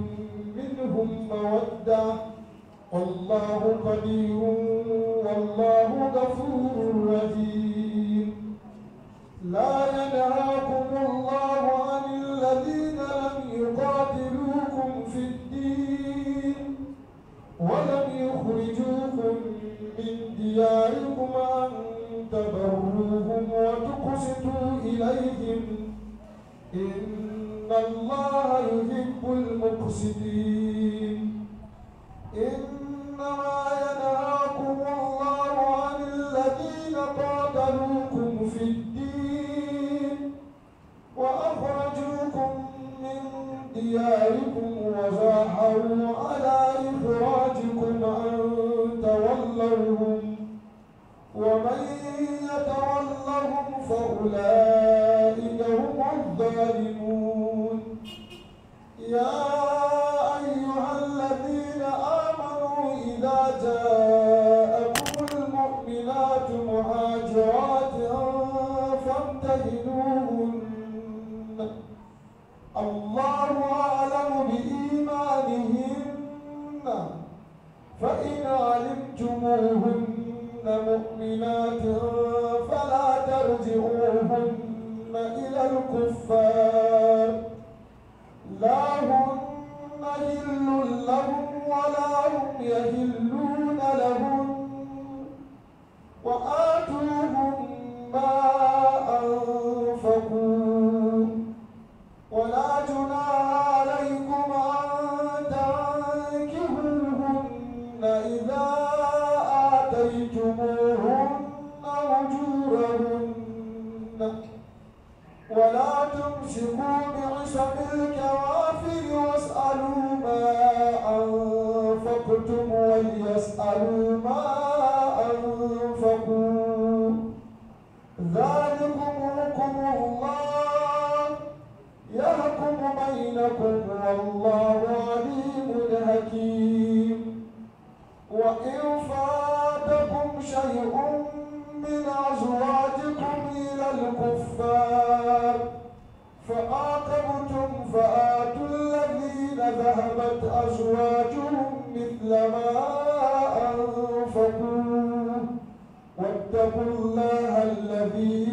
منهم مودة والله قدير والله غفور رحيم لا ينهاكم الله عن الذين لم يقاتلوكم في الدين ولم يخرجوكم من دياركم أن تبروهم وتقسطوا إليهم إن الله يحب المقسطين إن إنما ينهاكم الله عن الذين قاتلوكم في الدين وأخرجوكم من دياركم وجاهروا على إخراجكم أن تولوهم ومن يتولهم فأولئك هم الظالمون يا ترجعوهن مؤمنات فلا ترجعوهن إلى الكفار لا هن هل لهم ولا هم يهلون لهم وآتوهم ما أنفقوا ولا جناح امسكوا بعصم الكوافر واسألوا ما أنفقتم وليسألوا ما أنفقوا ذلكم حكم الله يحكم بينكم والله عليم حكيم وإن فاتكم شيء من أزواجكم إلى الكفار فعاقبتم فآتوا الذين ذهبت أزواجهم مثل ما أنفقوا واتقوا الله الذي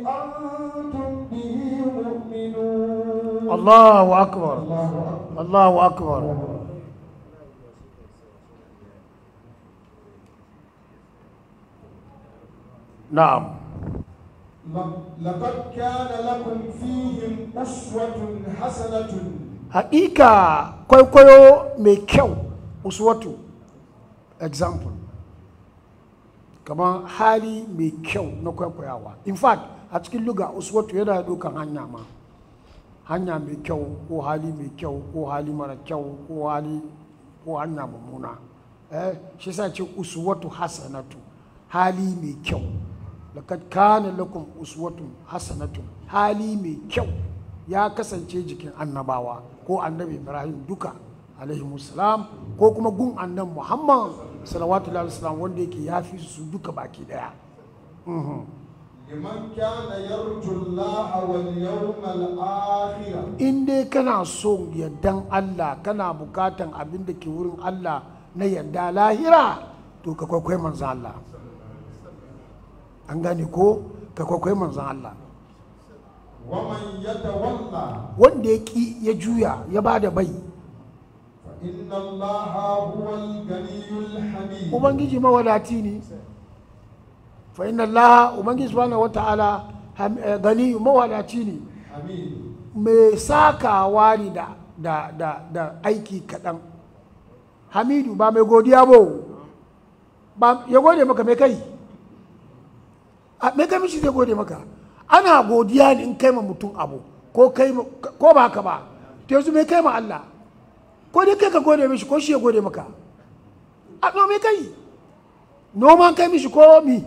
أنتم به مؤمنون الله أكبر الله أكبر, الله أكبر. نعم لقد kwaikwayo mai kyau أسوة حسنة example kamar hali mai kyau na kwaikwayawa in fact a cikin luga uswatu yana dukan hanya ma hanya mai kyau ko hali mai kyau ko hali mara kyau ko hali ko hanya mummuna eh shi sa ce uswatu hasanatu hali mai kyau laqad kana lakum uswatun hasanatun hali mai kyau ya kasance jikin annabawa ko annabi ibrahim duka alaihi musalam ko kuma gun annan muhammad salawatu alaihi wanda yake ya fi su duka baki daya mhm. liman kana in dai kana so yaddan Allah kana bukatan abin da ke wurin Allah na yadda lahira to ka kwakwai manzo Allah an gane ko ka kwakwai manzan Allah wanda ya ki ya juya ya ba da bai ubangiji mawadati ne fa inna Allah ubangiji subhanahu wata'ala eh, gani mawadaci ne mai sa ka da da aiki kaɗan hamidu ba mai godiya ba ya gode maka mai kai a me ka mishi zai gode maka ana godiya ne in kai ma mutum abu ko kai ko ba ka ba to yanzu me kai ma Allah ko dai kai ka gode mishi ko shi ya gode maka a to me kai noman kai mishi ko mi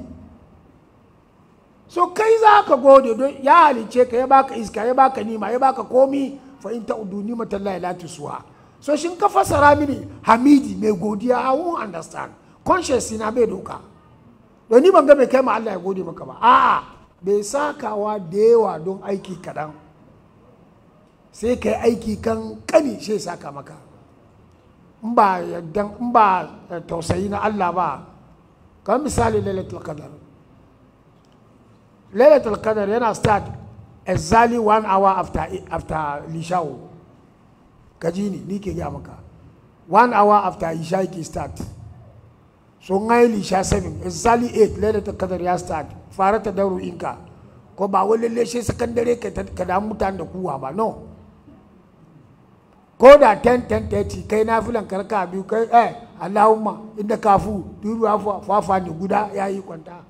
so kai za ka gode don ya halice ka ya baka iska ya baka nima ya baka komi fa in ta'udu nimatan ya lati suwa so shin ka fasara mini hamidi mai godiya i won't understand consciousness na bai doka don ni ban ga bai kai ma Allah ya gode maka ba a'a bai sakawa da yawa don aiki kaɗan sai ka yi aiki kan ƙani sai saka maka in ba yadda in ba tausayi na Allah ba kamar misali lailatul qadar lailatul qadar yana start exactly one hour after after lishawo kaji ni ni ke gaya maka one hour after isha ke start so ngaili sha sabin exactly 8 ta kadar ya start fara ta daru inka ko ba wani lalle shi sakandare ka da mutane da kuwa ba no ko da 10 10 30 kai nafilan karka biyu kai eh Allahumma inda kafu duru afa fafa ne guda yayi kwanta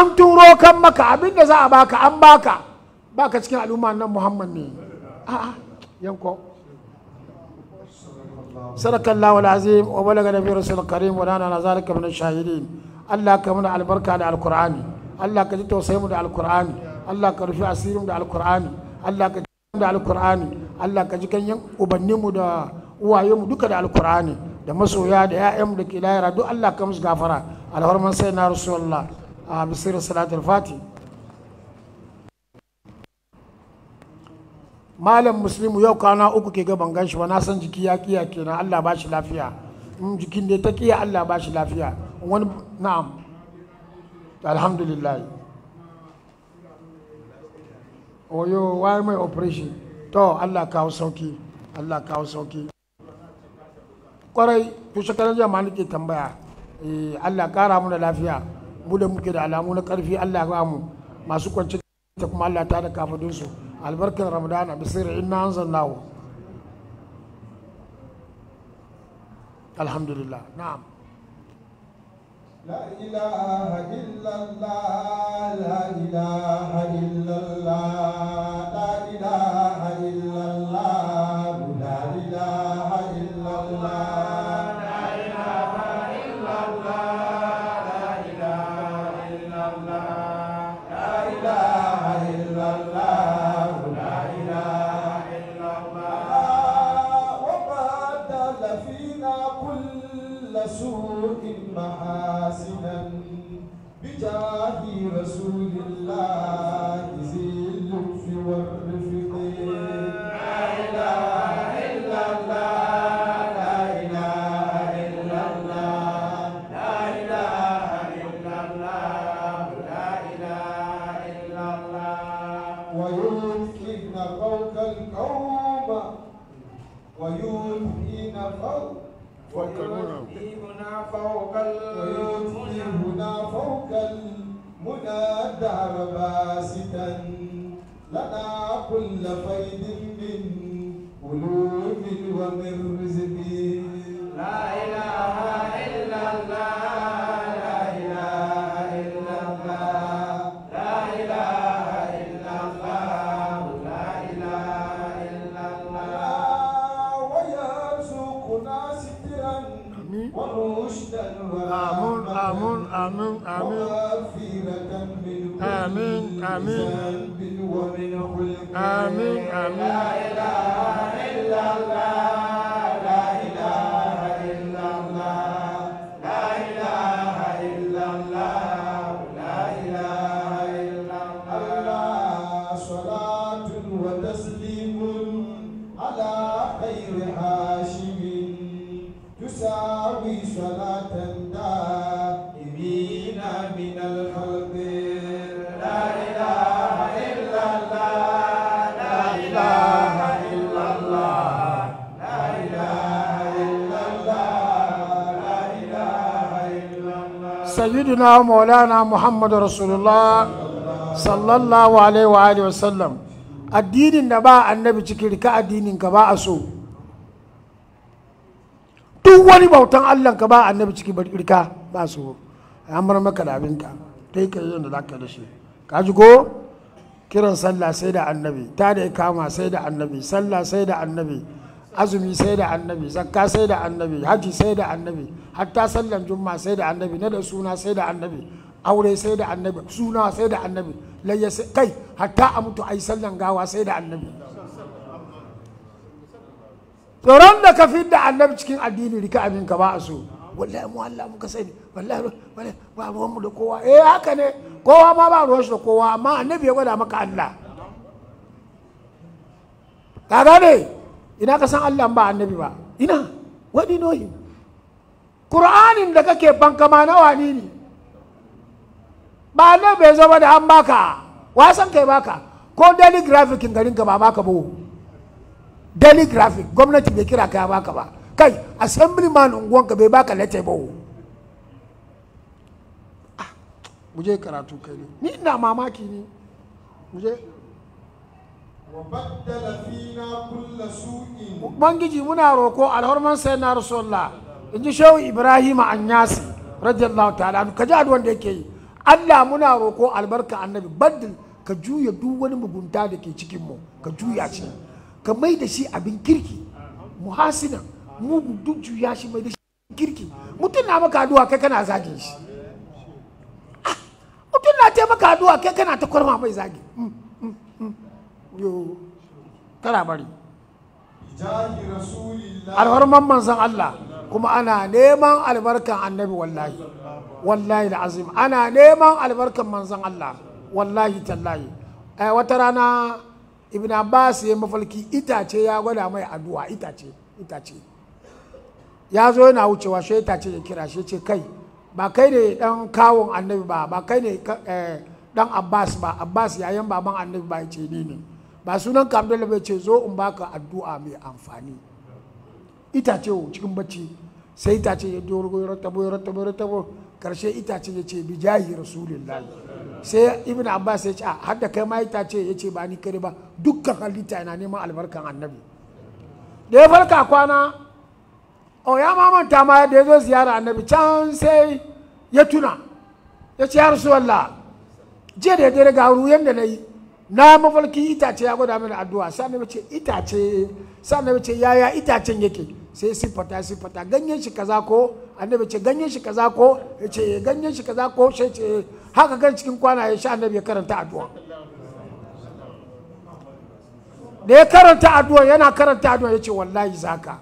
an turo kan maka abin da za a baka an baka baka cikin al'umma nan Muhammad ne a'a yanko صدق الله العظيم وبلغ نبي رسول الكريم ونانا على ذلك من الشاهدين الله كمن على البركة على القرآن الله كجت وسيم على القرآن الله كرفع سيرم على القرآن الله كجت على القرآن الله كجكن ين وبنيم دا وعيم دك على القرآن da masoya da ya'yan da ke layara duk Allah ka musu gafara alhorman sai na rasulullah a bisir salatul fatih malam muslimu yau kwana uku ke gaban ganshi ba na san jiki ya kiya kenan Allah ba shi lafiya in jikin da ta kiya Allah ba shi lafiya wani na'am alhamdulillah oyo wai mai operation to Allah kawo sauki Allah kawo sauki kwarai to shekarar jama'a nake tambaya eh, Allah kara mu da lafiya mu da muke da alamu na karfi Allah ya mu masu kwanci da kuma Allah ta da kafadunsu albarkar ramadana bisir inna anzalnahu alhamdulillah na'am لا إله إلا الله لا إله إلا الله لا إله إلا الله لا إله إلا الله سيدنا ومولانا محمد رسول الله صلى الله عليه وآله وسلم addinin da ba annabi cikin ka addinin ka ba a so duk wani bautan allah ka ba annabi cikin rika ba so amar maka da abinka ta yi da zaka da shi ka ji ko kiran sallah sai da ta da kama sai da annabi sallah sai da annabi azumi sai da annabi zakka sai da annabi haji sai da annabi hatta sallan juma sai da annabi na da suna sai da annabi aure sai da annabi suna sai da annabi layya kai hatta a mutu ai sallan gawa sai da annabi tsoron da ka fi da annabi cikin addini rika abin ka ba a so wallahi mu Allah muka sani wallahi ba mu da kowa eh haka ne kowa ma ba ruwan da kowa amma annabi ya gwada maka Allah kaga ne ina ka san Allah ba annabi ba ina wani nohi Qur'anin da kake bankama na wani ne ba nan bai zama da an baka wasan kai baka ko daily graphic garin ka ba baka ba daily graphic gwamnati bai kira ka baka ba kai assembly man ka bai baka late ba ah, mu je karatu kai ni ina mamaki ne mu je ubangiji muna roko alhorman sai na rasulullah in ji shehu ibrahim anyasi radiyallahu ta'ala ka ji addu'ar da yake yi allah muna roko albarka annabi baddin ka juya duk wani mugunta da ke cikin mu ka juya shi ka mai da shi abin kirki muhasina mugu duk juya shi mai da shi abin kirki mutum na maka addu'a kai kana zagin shi ah, mutum na taimaka addu'a kai kana ta kwarma mai zagi hmm. yo tana bari alfarman manzan Allah kuma ana neman albarkan annabi wallahi wallahi da azim ana neman albarkan manzan Allah wallahi tallahi eh, wata rana ibn abbas ya mafalki itace ya gwada mai addu'a itace itace ya zo yana wucewa shi itace ya kira shi ce kai ba kai ne dan kawun annabi ba ba kai ne eh, dan abbas ba abbas yayan baban annabi ba ya ce ni ne ba sunan ka abdullahi bai ce zo in baka addu'a mai amfani itace cikin bacci sai itace ya dorgo ya rattabo ya rattabo ya rattabo karshe itace ya ce bijahi rasulullah sai ibn abbas ya ce a ah, hadda kai ma itace ya ce ba ni kare ba dukkan halitta yana neman albarkan annabi da ya farka kwana o ya mamanta ma da ya zo ziyara annabi can sai ya tuna ya ce ya wallah jiya da ya dare ga ruwan da na yi na mafarki itace ya gwada mana addu'a sani mace itace sani mace yaya itacen yake sai siffata siffata ganyen shi kaza ko annabi ce ganyen shi kaza ko ya ce ganyen shi kaza ko sai ce haka gan cikin kwana ya sha annabi ya karanta addu'a da ya karanta addu'a yana karanta addu'a ya ce wallahi zaka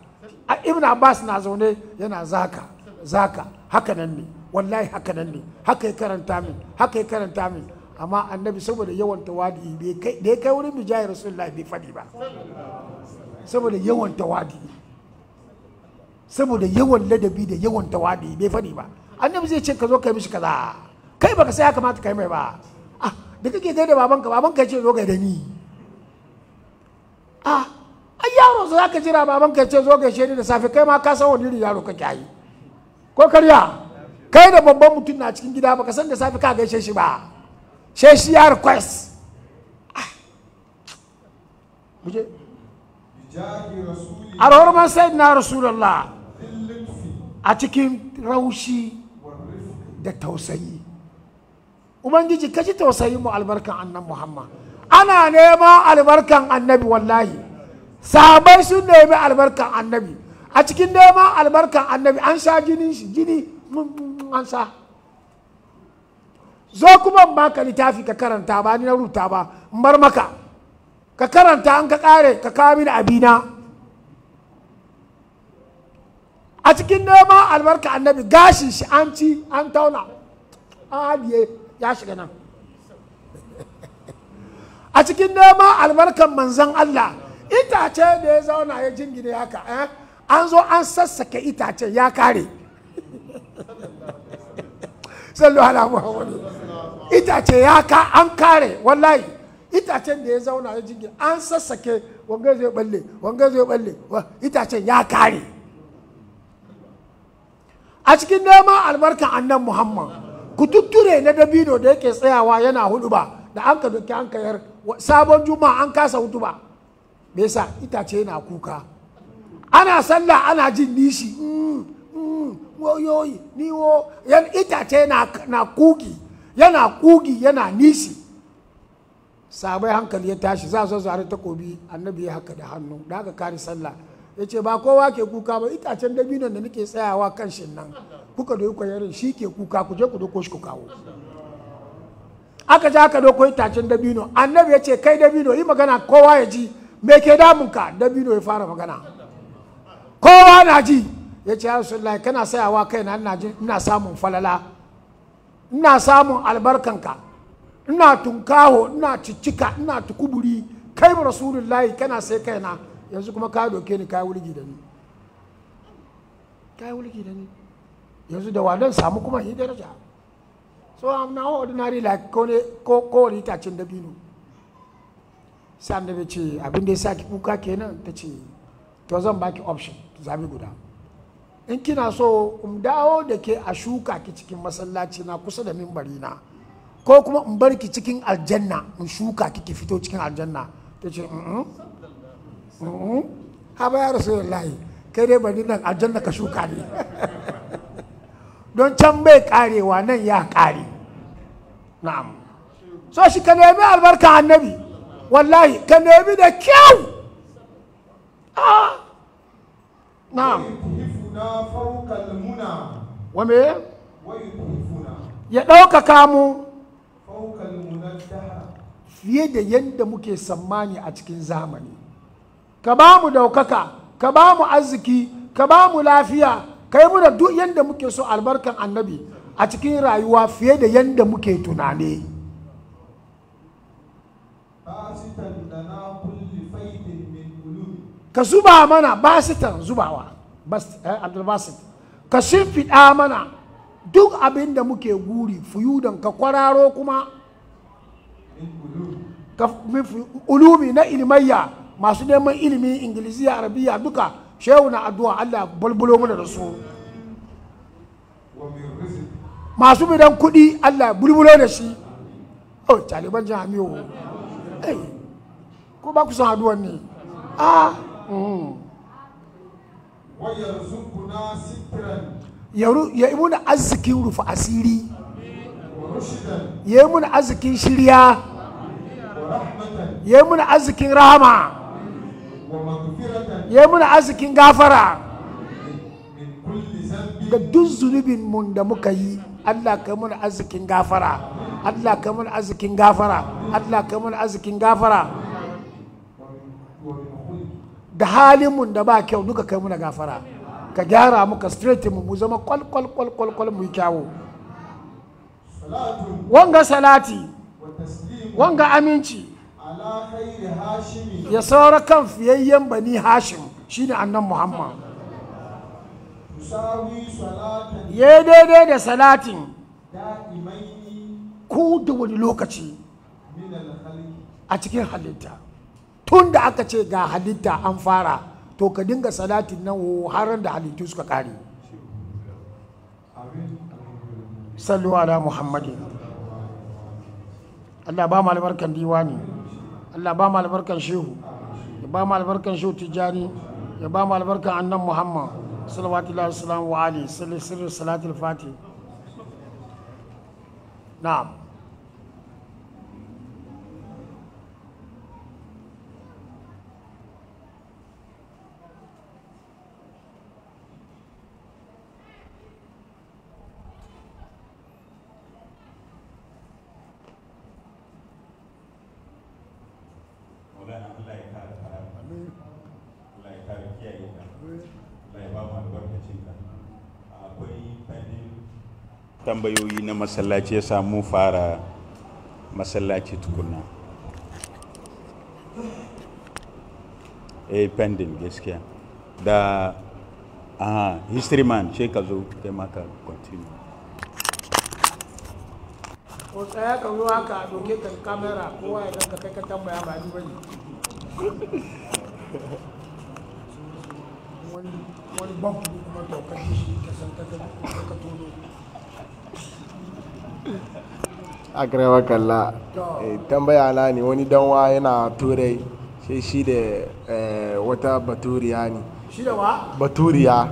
ibn abbas na zaune yana zaka zaka haka nan ne wallahi haka nan ne haka ya karanta min haka ya karanta min amma annabi saboda yawan tawadi da ya kai wurin bijayi rasulullah bai faɗi ba saboda yawan tawadi saboda yawan ladabi da yawan tawadi bai faɗi ba annabi zai ce ka zo kai mishi kaza kai baka sai ya kamata kai mai ba ah da kake gai da babanka babanka ya ce zo gai da ni ah ai yaro za ka jira babanka ya ce zo gaishe shi da safe kai ma ka san wani yaro kake yi ko karya kai da babban mutum na cikin gida baka san da safe ka gaishe shi ba ṣe ṣí yá request. Ah. a rahoman sai na rasulallah a cikin raushi da tausayi ubangiji ka ji tausayi mu albarkan annan muhammad ana nema albarkan annabi wallahi sahabai sun nemi albarkan annabi a cikin neman albarkan annabi an sha jini mm, mm, mm, an sha zo kuma in baka littafi ka karanta ba ni na rubuta ba in bar maka ka karanta an ka kare ka kawo mini abina a cikin neman albarka annabi gashin shi an ci an tauna an haɗiye ya shiga nan a cikin neman albarkan manzan Allah itace da ya zauna ya jingine haka eh? an zo an sassake itace ya kare sallu ala muhammadu itace ya ka an kare wallahi itacen da ya zauna ya jingina an sassake wanga zai balle wanga zai balle itacen ya kare a cikin neman albarkan annan muhammad ku tutture na dabino da yake tsayawa yana hudu ba da an ka doki an kayar sabon juma an kasa hudu ba me yasa itace yana kuka ana sallah ana jin nishi mm, mm, moyoyi niwo yan itace na kugi yana kugi yana nisi. sabai hankali ya tashi za su zare takobi annabi ya haka da hannu da haka kare sallah ya ce ba kowa ke kuka ba itacen dabinon da nake tsayawa kan shin nan kuka da kuka yarin shi ke kuka ku je ku doko shi ku kawo aka ji aka doko itacen dabino annabi ya ce kai dabino yi magana kowa ya ji me ke damunka dabino ya fara magana kowa na ji ya ce ya rasulullahi kana sayawa kaina ina ina samun falala ina samun albarkanka ina tunkaho ina cicika ina tukuburi kai rasulullahi kana sai kaina yanzu kuma ka doke ni kai wulgi da ni kai wulgi da ni yanzu da wadon samu kuma yi daraja so i'm now ordinary like ko ne ko ko da binu sai annabi ce abin da ya sa ki kuka kenan ta ce to zan baki option zabi guda in kina so in dawo da ke a shuka ki cikin masallaci na kusa da mimbari na ko kuma in bar ki cikin aljanna in shuka ki ki fito cikin aljanna ta ce ha ba ya rasulullahi kai dai bari nan aljanna ka shuka ne don can bai karewa nan ya kare na'am so shi ka nemi albarka annabi wallahi ka nemi da kyau ah! na'am na faukal muna wa me ya ɗaukaka mu fiye da yadda muke sammani a cikin zamani ka ba mu ɗaukaka ka ba mu arziki ka ba mu lafiya ka yi mu duk yadda muke so albarkan annabi a cikin rayuwa fiye da yadda muke tunani ka zuba mana basitan zubawa bas eh, abdulbasit ka shimfiɗa mana duk abin da muke guri fuyudan ka kwararo kuma ulumi na ilimayya masu neman ilimi ingiliziya arabiya duka shehu na addu'a allah bulbulo mana da su masu bidan kuɗi allah bulbulo da shi oh taliban jami'o ko ba ku san addu'a ne ah mm. ya yi muna arzikin rufa asiri ya yi muna arzikin shirya ya yi muna arzikin rahama ya yi muna arzikin gafara ga duk zunubin mun da muka yi allah ka muna arzikin gafara allah ka muna arzikin gafara allah ka muna arzikin gafara da halinmu da ba kyau duka kai muna gafara ka gyara muka ka straight mu mu zama kwal kwal kwal kwal kwal mu wanga salati wanga aminci ya saura kan fiyayyen bani hashim shine annan muhammad ya daidai da salatin ko da wani lokaci a cikin halitta tun da aka ce ga halitta an fara to ka dinga salatin nan har da halittu suka kare sallu ala muhammadin allah ba mu albarkan diwani allah ba mu albarkan shehu ya ba mu albarkan shehu tijjani ya ba mu albarkan annan muhammad salawatullahi wasalam wa ali sirri salatul fatih na'am tambayoyi na masallaci ya samu fara masallaci tukuna eh pending gaskiya da ah history man ce ka zo kai maka continue ko tsaya ka zo haka a doke ka kamera kowa ya ka kai ka tambaya ba ni bane wani wani bankuru kuma shi san ka tono kalla eh, tambaya na ne wani danwa yana turai sai shi da eh, wata baturiya ne shi da wa baturiya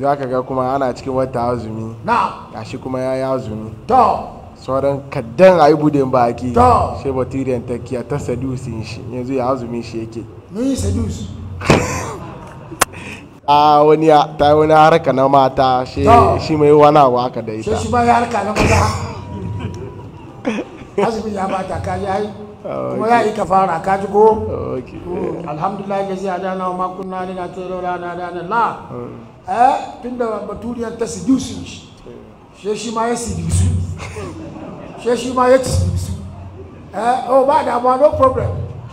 za ka ga kuma ana cikin wata azumi ga shi kuma ya yi azumi sauran kaddan a yi budin baki shi baturiyan ta kiya ta sadusin shi yanzu ya azumi shi yake ni sadusi a wani ta wani harka na mata shi shi mai wani abu haka da ita shi ma ya harka na maza azumin ya bata ka ji ai kuma ya yi kafara ka ji ko alhamdulillah gazi a dana wa makunna ne na tsoro rana dana la eh tunda baturiyar ta su dusu shi shi ma ya seduce shi shi ma ya seduce eh oh ba da ba no problem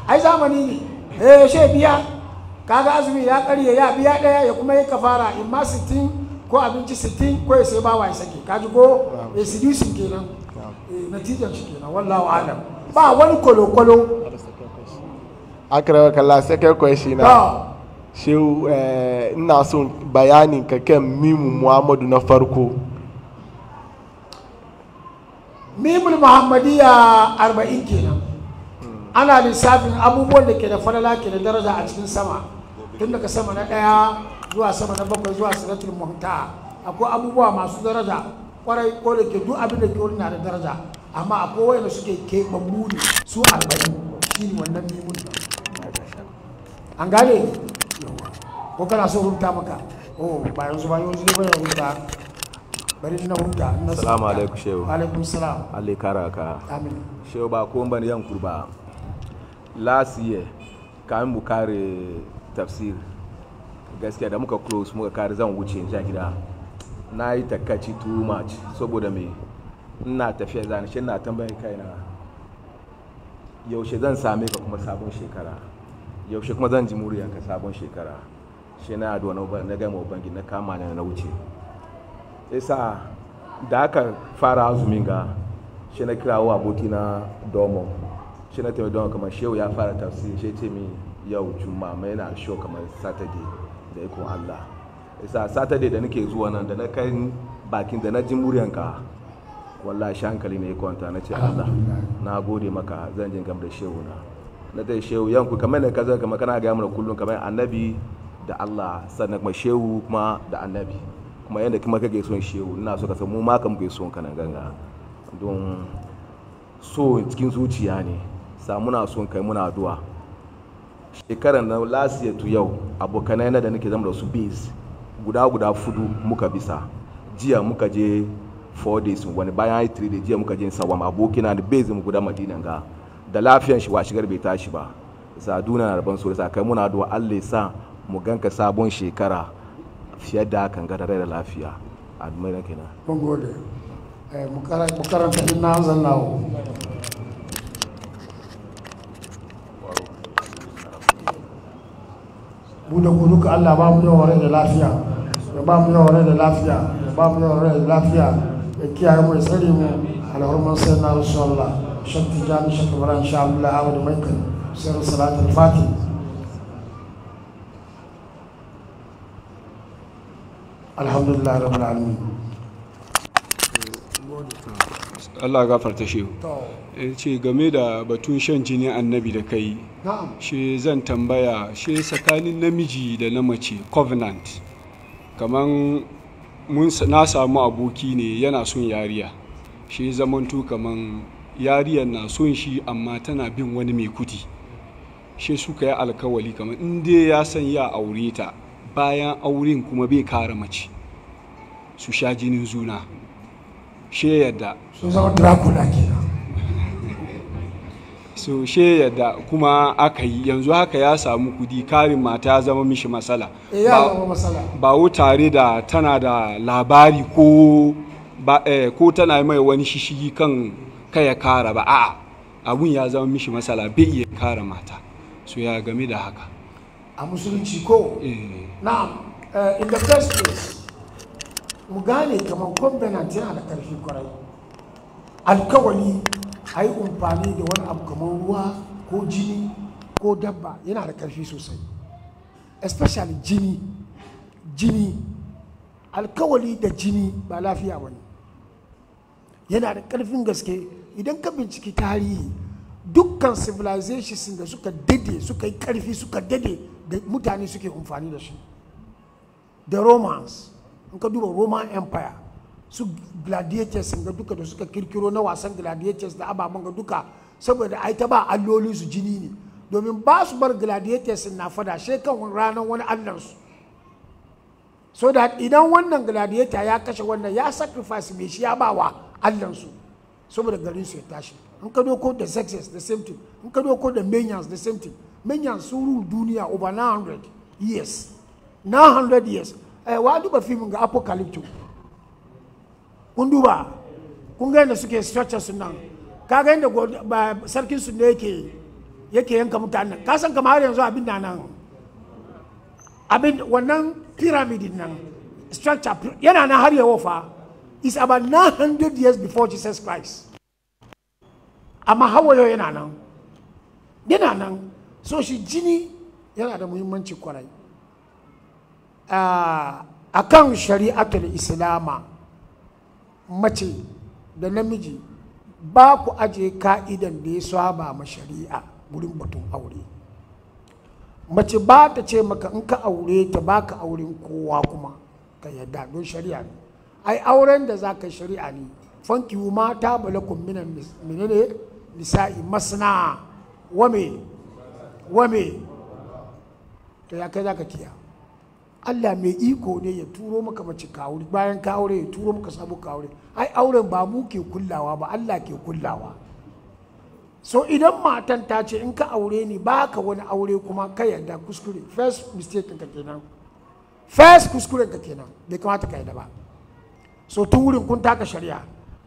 ai zamani ne eh shi biya kaga azumi ya karye ya biya daya ya kuma yi kafara in ma sittin ko abinci sittin ko ya sai bawa ya sake kaji ko ya sidusin kenan eh, natijan shi kenan wallahu alam ba wani kolokolo akrawa kalla second question na shi eh, ina son bayanin ka kan mimu muhammadu na farko mimul muhammadiya 40 kenan hmm. ana lissafin abubuwan da ke da falala ke da daraja a cikin sama tun daga sama na ɗaya zuwa sama na bakwai zuwa siratul munta akwai abubuwa masu daraja kwarai ko da ke duk abin da ke wurin na da daraja amma akwai wanda suke keɓammu ne su arba'in shi ne wannan mimun an gane ko kana so rumta maka oh bayan su bayan zuwa yau rumta bari na rumta na salamu alaikum shehu alaikum salam allah kara ka amin shehu ba ko ban yan kurba last year kamin bukare tafsir gaskiya da muka close muka kare zan wuce ja gida na yi takaci too much saboda me ina tafiya zane shi na tambayin kaina yaushe zan same ka kuma sabon shekara yaushe kuma zan ji ka sabon shekara shi na addu'a na gama ubangi na kama na na wuce isa da aka fara azumin ga shi na kirawo abokina domo shi na taimaka kamar shehu ya fara tafsir shi ce mini yau juma'a mai yana show kamar saturday da ikon allah isa saturday da nake zuwa nan da na kai bakin da na ji muryanka wallahi shi hankali ne kwanta na ce allah na gode maka zan jin gam da shehu na na ta shehu yanku kamar ne kaza kamar kana gaya mana kullum kamar annabi da allah sannan kuma shehu kuma da annabi kuma yadda kuma kake son shehu ina so ka san mu ma kan muke son kana ganga don so cikin zuciya ne sa muna son kai muna addu'a shekarar na to yau abokanai na da nake zama da su base guda guda fudu muka bisa jiya muka je 4 days wani bayan yi 3 days jiya muka je sawam abokina da base mu guda madina ga da lafiyan shi wa shigar bai tashi ba duna na rabon sa kai muna da Allah sa mu ganka sabon shekara fiye da hakan ga da lafiya almai kenan mun gode eh, mu karanta inna anzalnahu mu da ku duka Allah ba mu yawan rai da lafiya ya ba mu yawan rai da lafiya ya ba mu yawan rai da lafiya ya kiyaye mu ya tsare mu alhurman sayyidina rasulullah shakti jami shakti bara insha Allah Ahmad Michael sirrin salatul fatih alhamdulillah rabbil alamin Allah gafarta shehu ce game da batun shan jini annabi da kai shi zan tambaya shi tsakanin namiji da na mace covenant kamar na samu aboki ne yana son yariya shi zamantu kamar yariyar na son shi amma tana bin wani mai kudi shi suka yi alkawali kamar inda ya san ya aure ta bayan auren kuma bai kara mace su sha jinin zuna shi yadda sun zama dracula kenan su she yadda kuma aka yi yanzu haka ya samu kudi karin mata ya zama mishi eh, matsala ba wu tare da tana da labari ko eh, ko tana mai wani shishigi kan kaya kara ba a'a abun ya zama mishi matsala bai iya kara mata so ya game da haka a musulunci ko eh. na eh, in the first place mu gane kamar covenant yana da karfi kwarai alkawali a yi amfani da wani abu kamar ruwa ko jini ko dabba yana da ƙarfi sosai especially jini jini alkawali da jini ba lafiya ba yana da ƙarfin gaske idan ka binciki tarihi dukkan civilizations da suka dade suka yi ƙarfi suka dade da mutane suke umfani da shi da romans in ka duba roman empire su gladiators ga duka da suka kirkiro na wasan gladiators da ababen ga duka saboda ai ta ba alloli su jini ne domin ba su bar gladiators na fada sai kan ranar wani allansu so da idan wannan gladiator ya kashe wannan ya sacrifice mai shi ya ba wa allansu saboda garin su ya tashi in ka doko da success the same thing in ka doko da minions the same thing minions sun rule duniya over 900 years 900 years eh, wa duba filmin ga apocalypse kun duba kun ga yadda suke structure sun nan kaga yadda sarkin su ne yake yake yanka mutane ka san kamar yanzu abin na nan abin wannan pyramid nan structure yana nan har yawo fa is about 900 years before Jesus Christ amma hawayo yana nan yana nan so shi jini yana da muhimmanci kwarai ah, a kan shari'atul islama mace da namiji ba ku aje ka'idan da ya saba ma shari'a wurin batun aure mace ba ta ce maka in ka aure ta ba ka auren kowa kuma ka yadda don shari'a ne ai auren da za ka shari'a ne fanki mata balakun minan ne nisa'i masna wame wame to ya kai za ka kiya Allah mai iko ne ya turo maka mace ka bayan ka aure ya turo maka samu kawure ai auren ba mu ke kullawa ba Allah ke kullawa so idan matan ta ce in ka aure ni baka wani aure kuma ka yarda kuskure first mistake ka kenan first kuskure ka kenan bai kamata ka yarda ba so tun wurin kun taka shari'a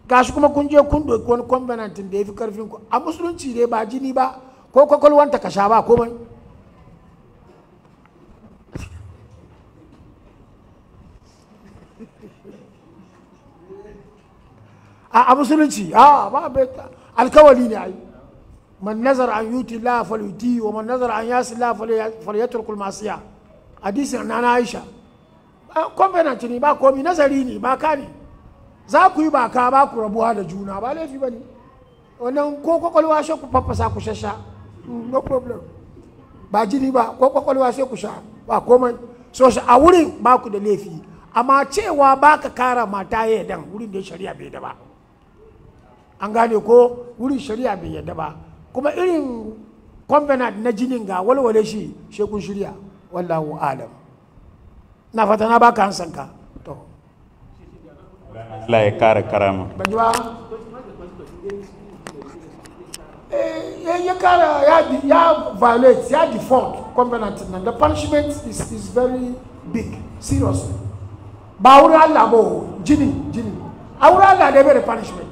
gashi kuma kun je kun doki wani covenant da ya fi karfin ku a musulunci dai ba jini ba ko kwakwalwanta ka sha ba komai a musulunci a ba beta alkawali ne ai man nazar an yuti la fal yuti wa man nazar an yasi la fal yatrukul masiya na nana aisha covenant ne ba komi nazari ne ba ka ne za ku yi ba ka ba ku rabuwa da juna ba laifi ba ne wannan ko kwakwalwa sai ku fafasa ku shasha mm, no problem ba jini ba ko kwakwalwa sai ku sha ba komai so a wurin ba ku da laifi amma cewa baka kara mata ya yadda wurin da shari'a bai yadda ba an gane ko wurin shari'a bai yadda ba kuma irin covenant na jinin ga walwale shi shekun shirya wallahu alam na fata na baka hansan ka to Allah ya kara karama banji ba eh ya kara ya ya violate ya default covenant na the punishment is is very big seriously ba wurin Allah ba jini jini a wurin Allah da bai da punishment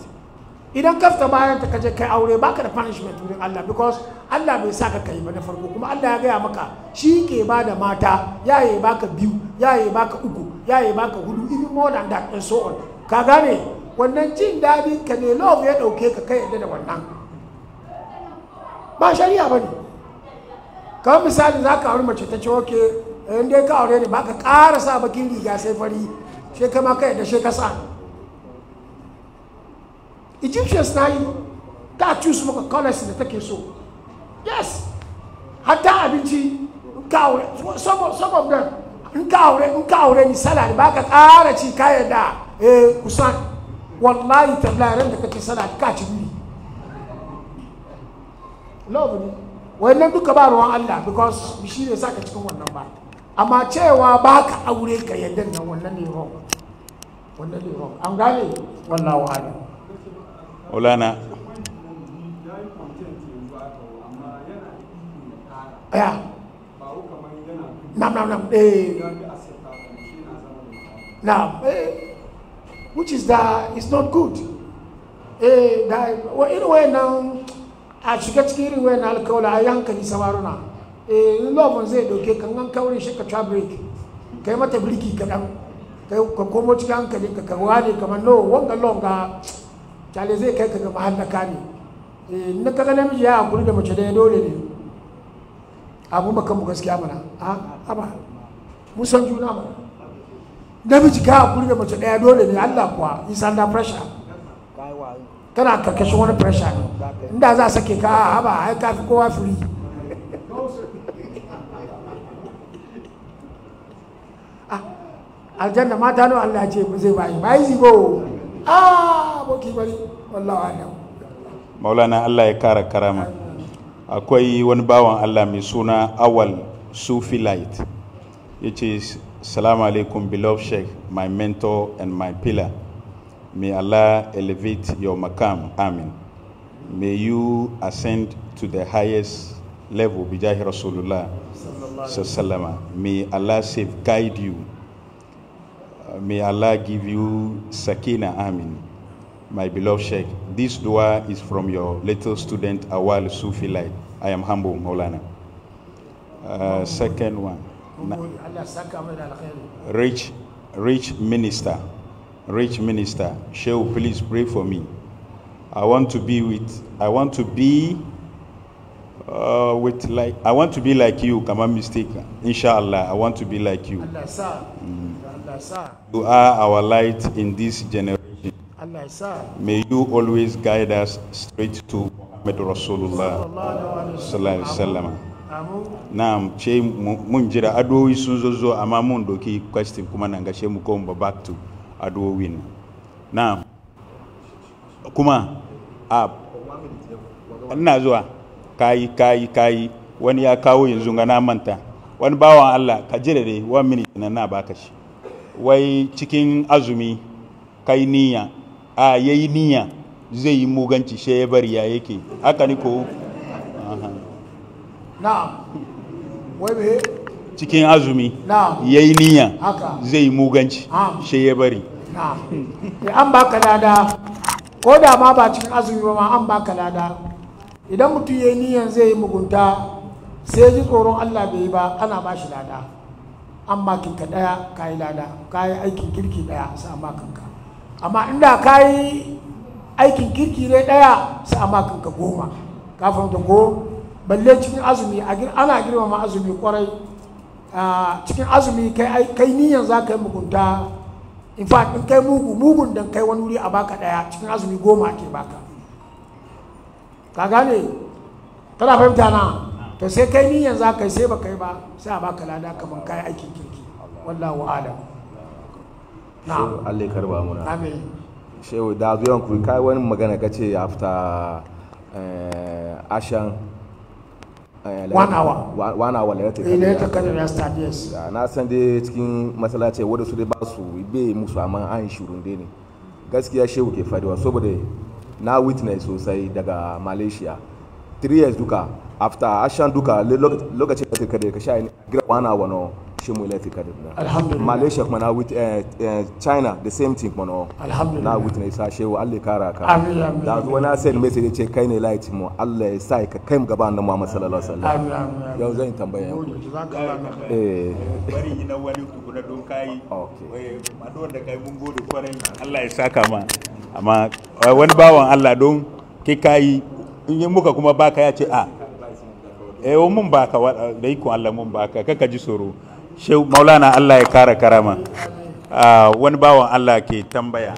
idan ka fita bayan ta kaje kai aure baka da punishment wurin Allah because Allah bai sa ka kai ba da farko kuma Allah ya gaya maka shi ke ba da mata yaye baka biyu yaye baka uku yaye baka hudu even more than that and so on ka gane wannan jin daɗin ka ne love ya ɗauke ka kai yadda da wannan ba shari'a ba ne kamar misali za ka auri mace ta ce okay in dai ka aure ne ba ka ƙara sa bakin riga sai fari she kama kai da she ka sa egyptians na yi ta choose maka colors da take so yes hatta abinci in ka aure some of them in ka aure in ka aure ni salad ba ka ƙara ci kayan eh, da eh kusan wallahi tablaren da kake sala ka ci biyu love ne wannan duka ba ruwan Allah because shi ne saka cikin wannan ba amma cewa ba ka aure ka yadda nan wannan ne wrong wannan ne wrong an gane wallahu alam ulana ya nam nam nam eh nam eh which is that it's not good eh da wa irin wayannan a shiga cikin irin wayannan alkawla a hankali samaruna eh zai dauke kan an shi ka ta break kai mata birki kaɗan kai ka komo cikin hankali ka karuwa ne kamar no wanga longa tale zai kai ka gaba hannaka ne na kaga eh, namiji ya hakuri da mace da dole ne abu maka mu gaskiya mana a ah, aba mun san juna mana namiji ka hakuri da mace daya dole ne Allah kuwa is under pressure kana karkashin wani pressure ne inda za a sake ka ah, haba ai ka fi kowa free aljanna mata nawa Allah ce zai bayi bayi ah boki bari wallahi alam maulana Allah ya kara karama akwai wani bawan Allah mai suna awal sufi light Which is Salam alaikum beloved sheikh my mentor and my pillar may Allah elevate your makam Amen. may you ascend to the highest level bijahi rasulullah sallama may Allah guide you May Allah give you Sakina Amin, my beloved Sheikh. This dua is from your little student Awal Sufi Light. I am humble, Maulana. Uh, second one. Rich, rich minister, rich minister. Sheikh, please pray for me. I want to be with. I want to be uh, with like. I want to be like you. Come on, mistake. Inshallah, I want to be like you. Allah, sir. Mm. You are our light in this generation. May you always guide us straight to Muhammad Rasulullah. Sallallahu Alaihi Na'am, ce mun jira addu'o'i sun zo zo amma mun doki question kuma nan gashe mu ko ba back to addu'o'in. Na'am. Kuma a ina zuwa kayi kayi kayi wani ya kawo yanzu ga na manta wani bawan Allah ka jira dai one minute na na baka shi wai cikin azumi kai niyya a yayi niyya zai yi muganci shi ya bari ya yake haka ni ko na wai be cikin azumi yayi niyya zai yi muganci shi ya bari Na. Eh, an baka lada ko da ma ba cikin azumi ba ma an baka lada idan mutum yi niyan zai yi mugunta sai ji tsoron Allah bai yi ba ana ba shi lada an makinka ɗaya ka yi lada ka yi aikin kirki ɗaya makin makinka amma inda ka yi aikin kirki ne ɗaya makin makinka goma ka fahimta ko balle cikin azumi ana girmama azumi kwarai cikin azumi kai niyan za ka yi mugunta in fact in kai mugu mugun dan kai wani wuri a baka ɗaya cikin azumi goma ke baka ka gane tana fahimta na to sai kai niyan za ka yi sai ba kai ba sai a baka lada kamar kayan aikin kirki wallahu alam na'am Allah karba muna amin shehu da zuwan ku kai wani magana kace after eh, ashan eh, one hour one hour later later kada ya start yes na san dai cikin ce wanda su dai ba su be musu amma an shirun dai ne gaskiya shehu ke fadiwa saboda na witness sosai daga malaysia 3 years duka after ashan duka lokacin da take da ka sha ne gira wana wano shi mu lati ka da alhamdulillah malaysia kuma na with eh, eh, china the same thing mono alhamdulillah na with ne sa shewa Allah kara ka amin da zuwa na send message ya ce kai ne light mu Allah ya sa ka kai mu gaba annabi Muhammad sallallahu alaihi wasallam amin amin yau zan tambaya eh bari ina wani tukuna don kai okay madon da kai mun gode kwarai Allah ya saka ma amma wani bawan Allah don kai kai in yi muka kuma baka ya ce a ah, eh mun ba baka da iko Allah mun ba ka kaka ji tsoro shehu maulana Allah ya kara karama ah, wani bawan Allah ke tambaya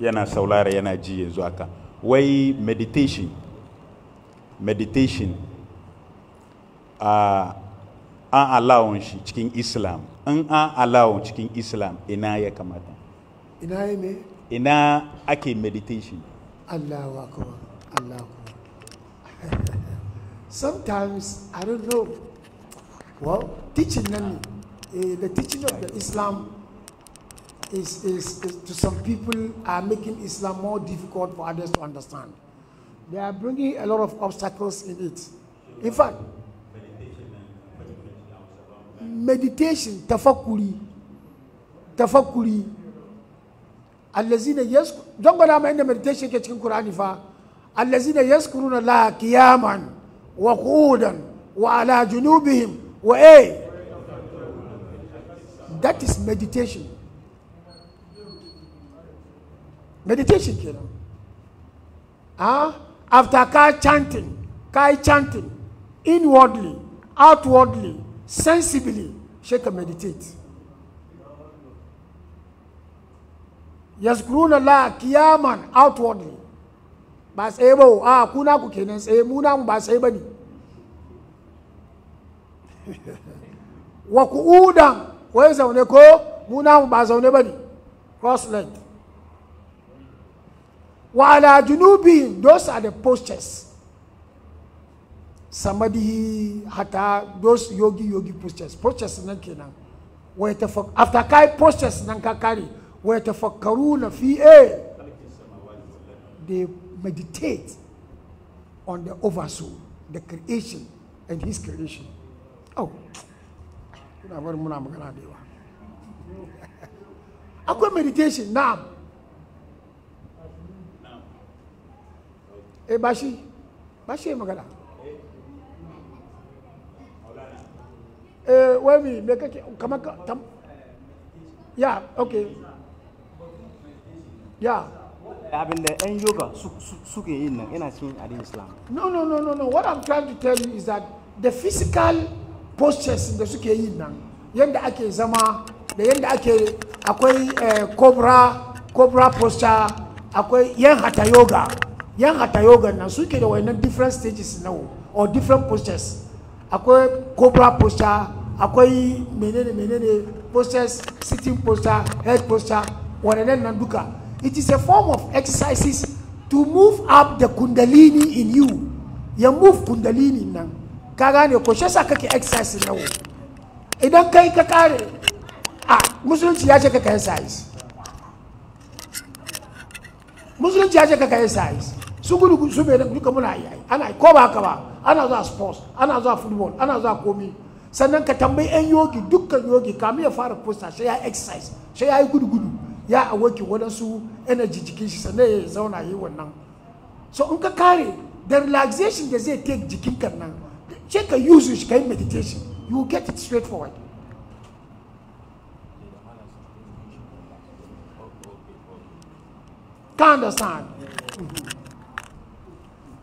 yana saulara yana ji yanzu haka wai meditation meditation uh, an allowon shi cikin islam in an allowon cikin islam ina ya kamata ina ya me ina ake meditation allahu akbar allahu Sometimes, I don't know, well, teaching them, uh, the teaching of the Islam is, is, is, to some people are making Islam more difficult for others to understand. They are bringing a lot of obstacles in it. In fact, meditation, tafakuri, tafakuri, allazina yasku, don gwada in the meditation ke cikin Qur'ani fa, uh, allazina yaskuruna la kiyaman. وقودا وعلى جنوبهم وإيه That is meditation. Meditation kenan. Huh? Ah, after Kai chanting, Kai chanting, inwardly, outwardly, sensibly, she can meditate. يذكرون الله yaman outwardly ba tsaye ba a ku kenan tsaye mu ba tsaye ba ne wa ku udan wai zaune ko mu ba zaune ba ne cross leg wa ala junubi those are the postures samadhi hata those yogi yogi postures postures nan kenan wai fa after kai postures nan ka kare wai tafakkaru na fi'e eh, they meditate on the oversoul, the creation and his creation. Oh, I'm going to magana da yawa. Akwai meditation na E eh, Bashi. shi, ba shi magana. Eh, wai mi come on. kamar ya, okay. Yeah. abin da yan yoga suke yin nan yana cikin addinin islam no no no no no what i'm trying to tell you is that the physical postures da suke yin nan yadda ake zama da yadda ake akwai eh, cobra cobra posture akwai yan hata yoga yan hata yoga nan suke da wayannan different stages na or different postures akwai cobra posture akwai menene menene postures sitting posture head posture waɗannan nan duka It is a form of exercises to move up the kundalini in you. Ya move kundalini nan. Ka gane ko shi yasa kake exercise nan. Idan kai ka kare a musulunci ya ce ka kai exercise. Musulunci ya ce ka kai exercise. Su gudu su bai duka muna yi ana ko ba haka ba ana zuwa sports ana zuwa football ana zuwa komi sannan ka tambayi yan yogi dukkan yogi kamin ya fara poster sai ya exercise sai ya yi gudu gudu ya awoke waɗansu energy jikin shi sannan ya zauna yi wannan so in ka kare the relaxation da zai take jikin kan nan sai ka use shi ka yi meditation you get it straight forward ka understand mm-hmm.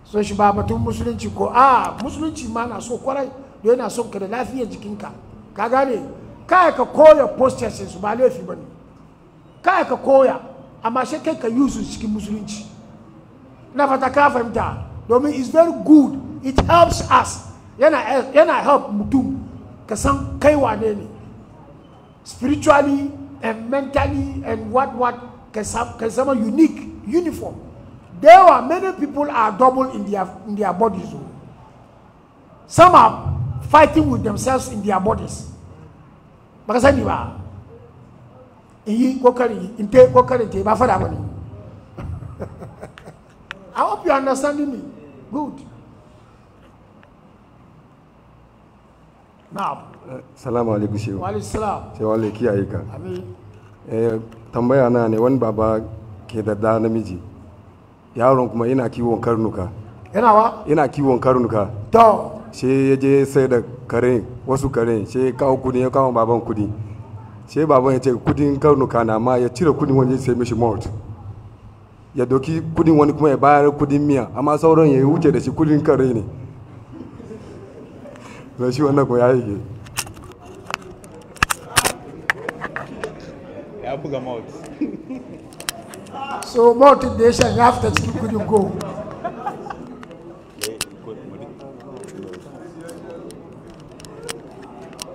so shi ba batun musulunci ko a musulunci ma na so kwarai da yana son ka da lafiyar jikinka ka gane kaya ka koya postures su ba laifi ba ne kaya ka koya amma shi kai na fata ka fahimta is very good it helps us yana yana help Mutu. ka san kai spiritually and mentally and what what ka zama unique uniform there are many people are double in their in their bodies some are fighting with themselves in their bodies Because anyway yi kokari in te kokarin te ba fada ne I hope you understand me good now salamu alaikum shehu wa alaikum salam shehu Allah kiyaye ka amin eh tambaya na ne wani baba ke da da namiji yaron kuma yana kiwon karnuka yana wa yana kiwon karnuka to she ya je sai da karen wasu karen she kawo kudi ya kawo baban kudi sai baban ya ce kudin karnuka na ma ya cire kudin wani sai mishi malt ya doki kudin wani kuma ya bayar kudin miya amma sauran ya wuce da shi kudin kare ne zai shi wannan kuma ya yi ya buga malt so malt da ya shan ya fita cikin kudin ko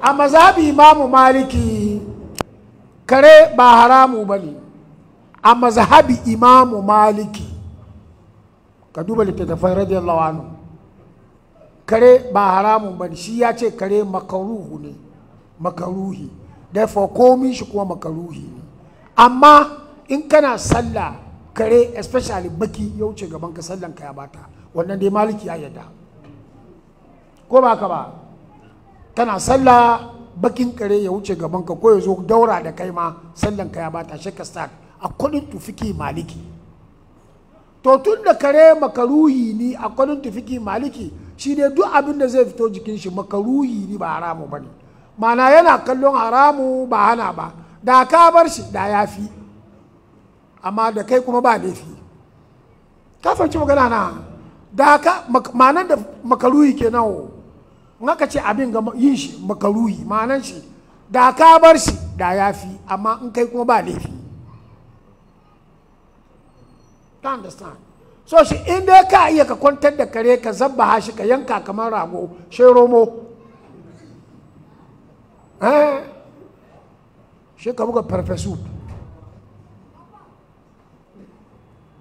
a mazabi imamu maliki kare ba haramu ba ne a mazhabi imamu maliki ka duba littattafai radiyallahu anhu kare ba haramu ba ne shi ya ce kare makaruhu ne makaruhi therefore komi shi kuma makaruhi ne amma in kana sallah kare especially baki ya wuce gaban ka sallan ka ya bata wannan dai maliki ya yadda ko ba ka ba tana sallah bakin kare ya wuce gaban ka ko ya zo daura da kai ma sallan ka ya bata shi ka start according to fiki maliki to tun da kare makaruhi ni according to fiki maliki shi ne duk abin da zai fito jikin shi makaruhi ni ba haramu bane mana yana kallon haramu ba hana ba da ka bar shi da ya fi amma da kai kuma ba laifi ka fahimci magana na da ka ma'anar da makaruhi kenan Ka ce abin ga yin shi makaruhi ma'anan shi da ka bar shi da ya fi amma in kai kuma ba laifi ta understand so shi in dai ka iya ka kwantar da kare ka zabba shi ka yanka kamar rago shi romo eh shi ka buga farfesu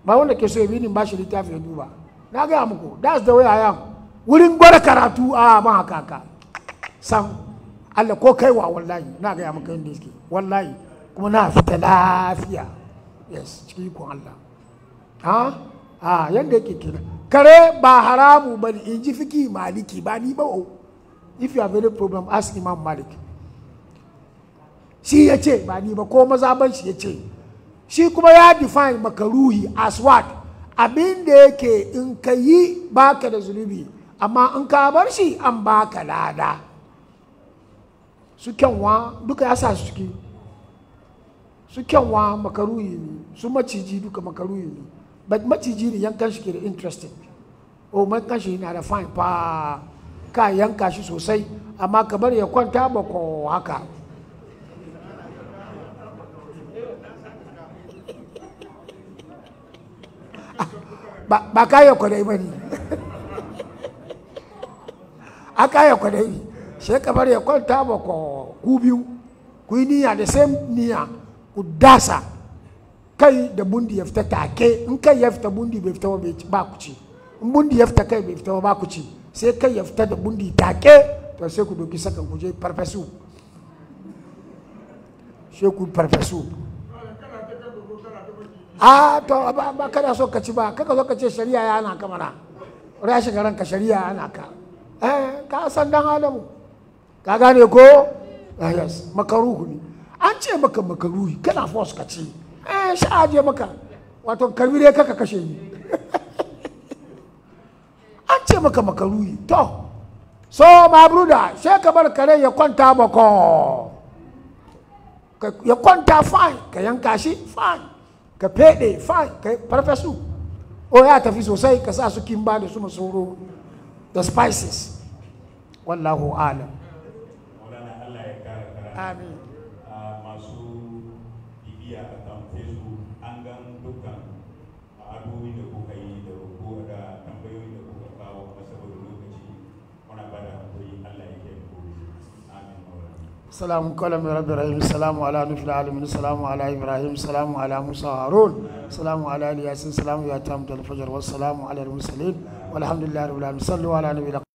ba wanda ke so ya bi ni ba shi littafi ya duba na gaya muku that's the way i am wurin gwada karatu a mahakaka sam Allah ko kaiwa wallahi na gaya maka yadda yake wallahi kuma na fita lafiya yes cikin ikon Allah ha ha yadda yake kira kare ba haramu ba ne in ji fiki maliki ba ni ba o if you have any problem ask imam malik shi ya ce ba ni ba ko mazaban shi ya ce shi kuma ya define makaruhi as what abin da yake in ka yi baka da zunubi amma in ka bar shi an baka lada su kyanwa duka ya sa suke su kyanwa makaruyi ne su maciji duka makaruyi ne but maciji ne yankan shi ke da interesting o oh, yankan shi na da fine pa ka yanka shi sosai amma kamar ya kwanta ba ko haka ba ka yi kwadai ba ne aka ya kwadayi sai ka bar ya kwanta ba ku biyu ku yi niyya da same niyya ku dasa kai da bundi ya fita take in kai ya fita bundi bai fita ba ku ci in bundi ya fita kai bai fita ba ku ci sai kai ya fita da bundi take to sai ku doki sakan ku je farfesu sai ku farfesu a to ba kada so ka ci ba kaka zo ka ce shari'a yana kamara rashin ranka shari'a yana ka eh ka san dan adam ka gane ko ah, yes makaruhu ne an ce maka makaruhi kana force ka ce eh sha aje maka wato karbi dai kaka kashe ni an ce maka makaruhi to so my brother sai ka bar kare ya kwanta bako ya kwanta fine ka yanka shi fine ka fede fine ka farfesu o oh, ya tafi sosai ka sa su kimba da su masoro the spices wallahu alam amin masu bibiya a kan facebook an gan dukkan abubuwan da kuka yi da ko da tambayoyi da kuka kawo a saboda lokaci muna bada hakuri Allah ya ke ku amin salamu kalam ya rabbi rahim salamu ala nufil alamin salamu ala ibrahim salamu ala musa harun salamu ala yasin salamu ya tamu da alfajar wassalamu ala mursalin والحمد لله رب العالمين صلوا على نبينا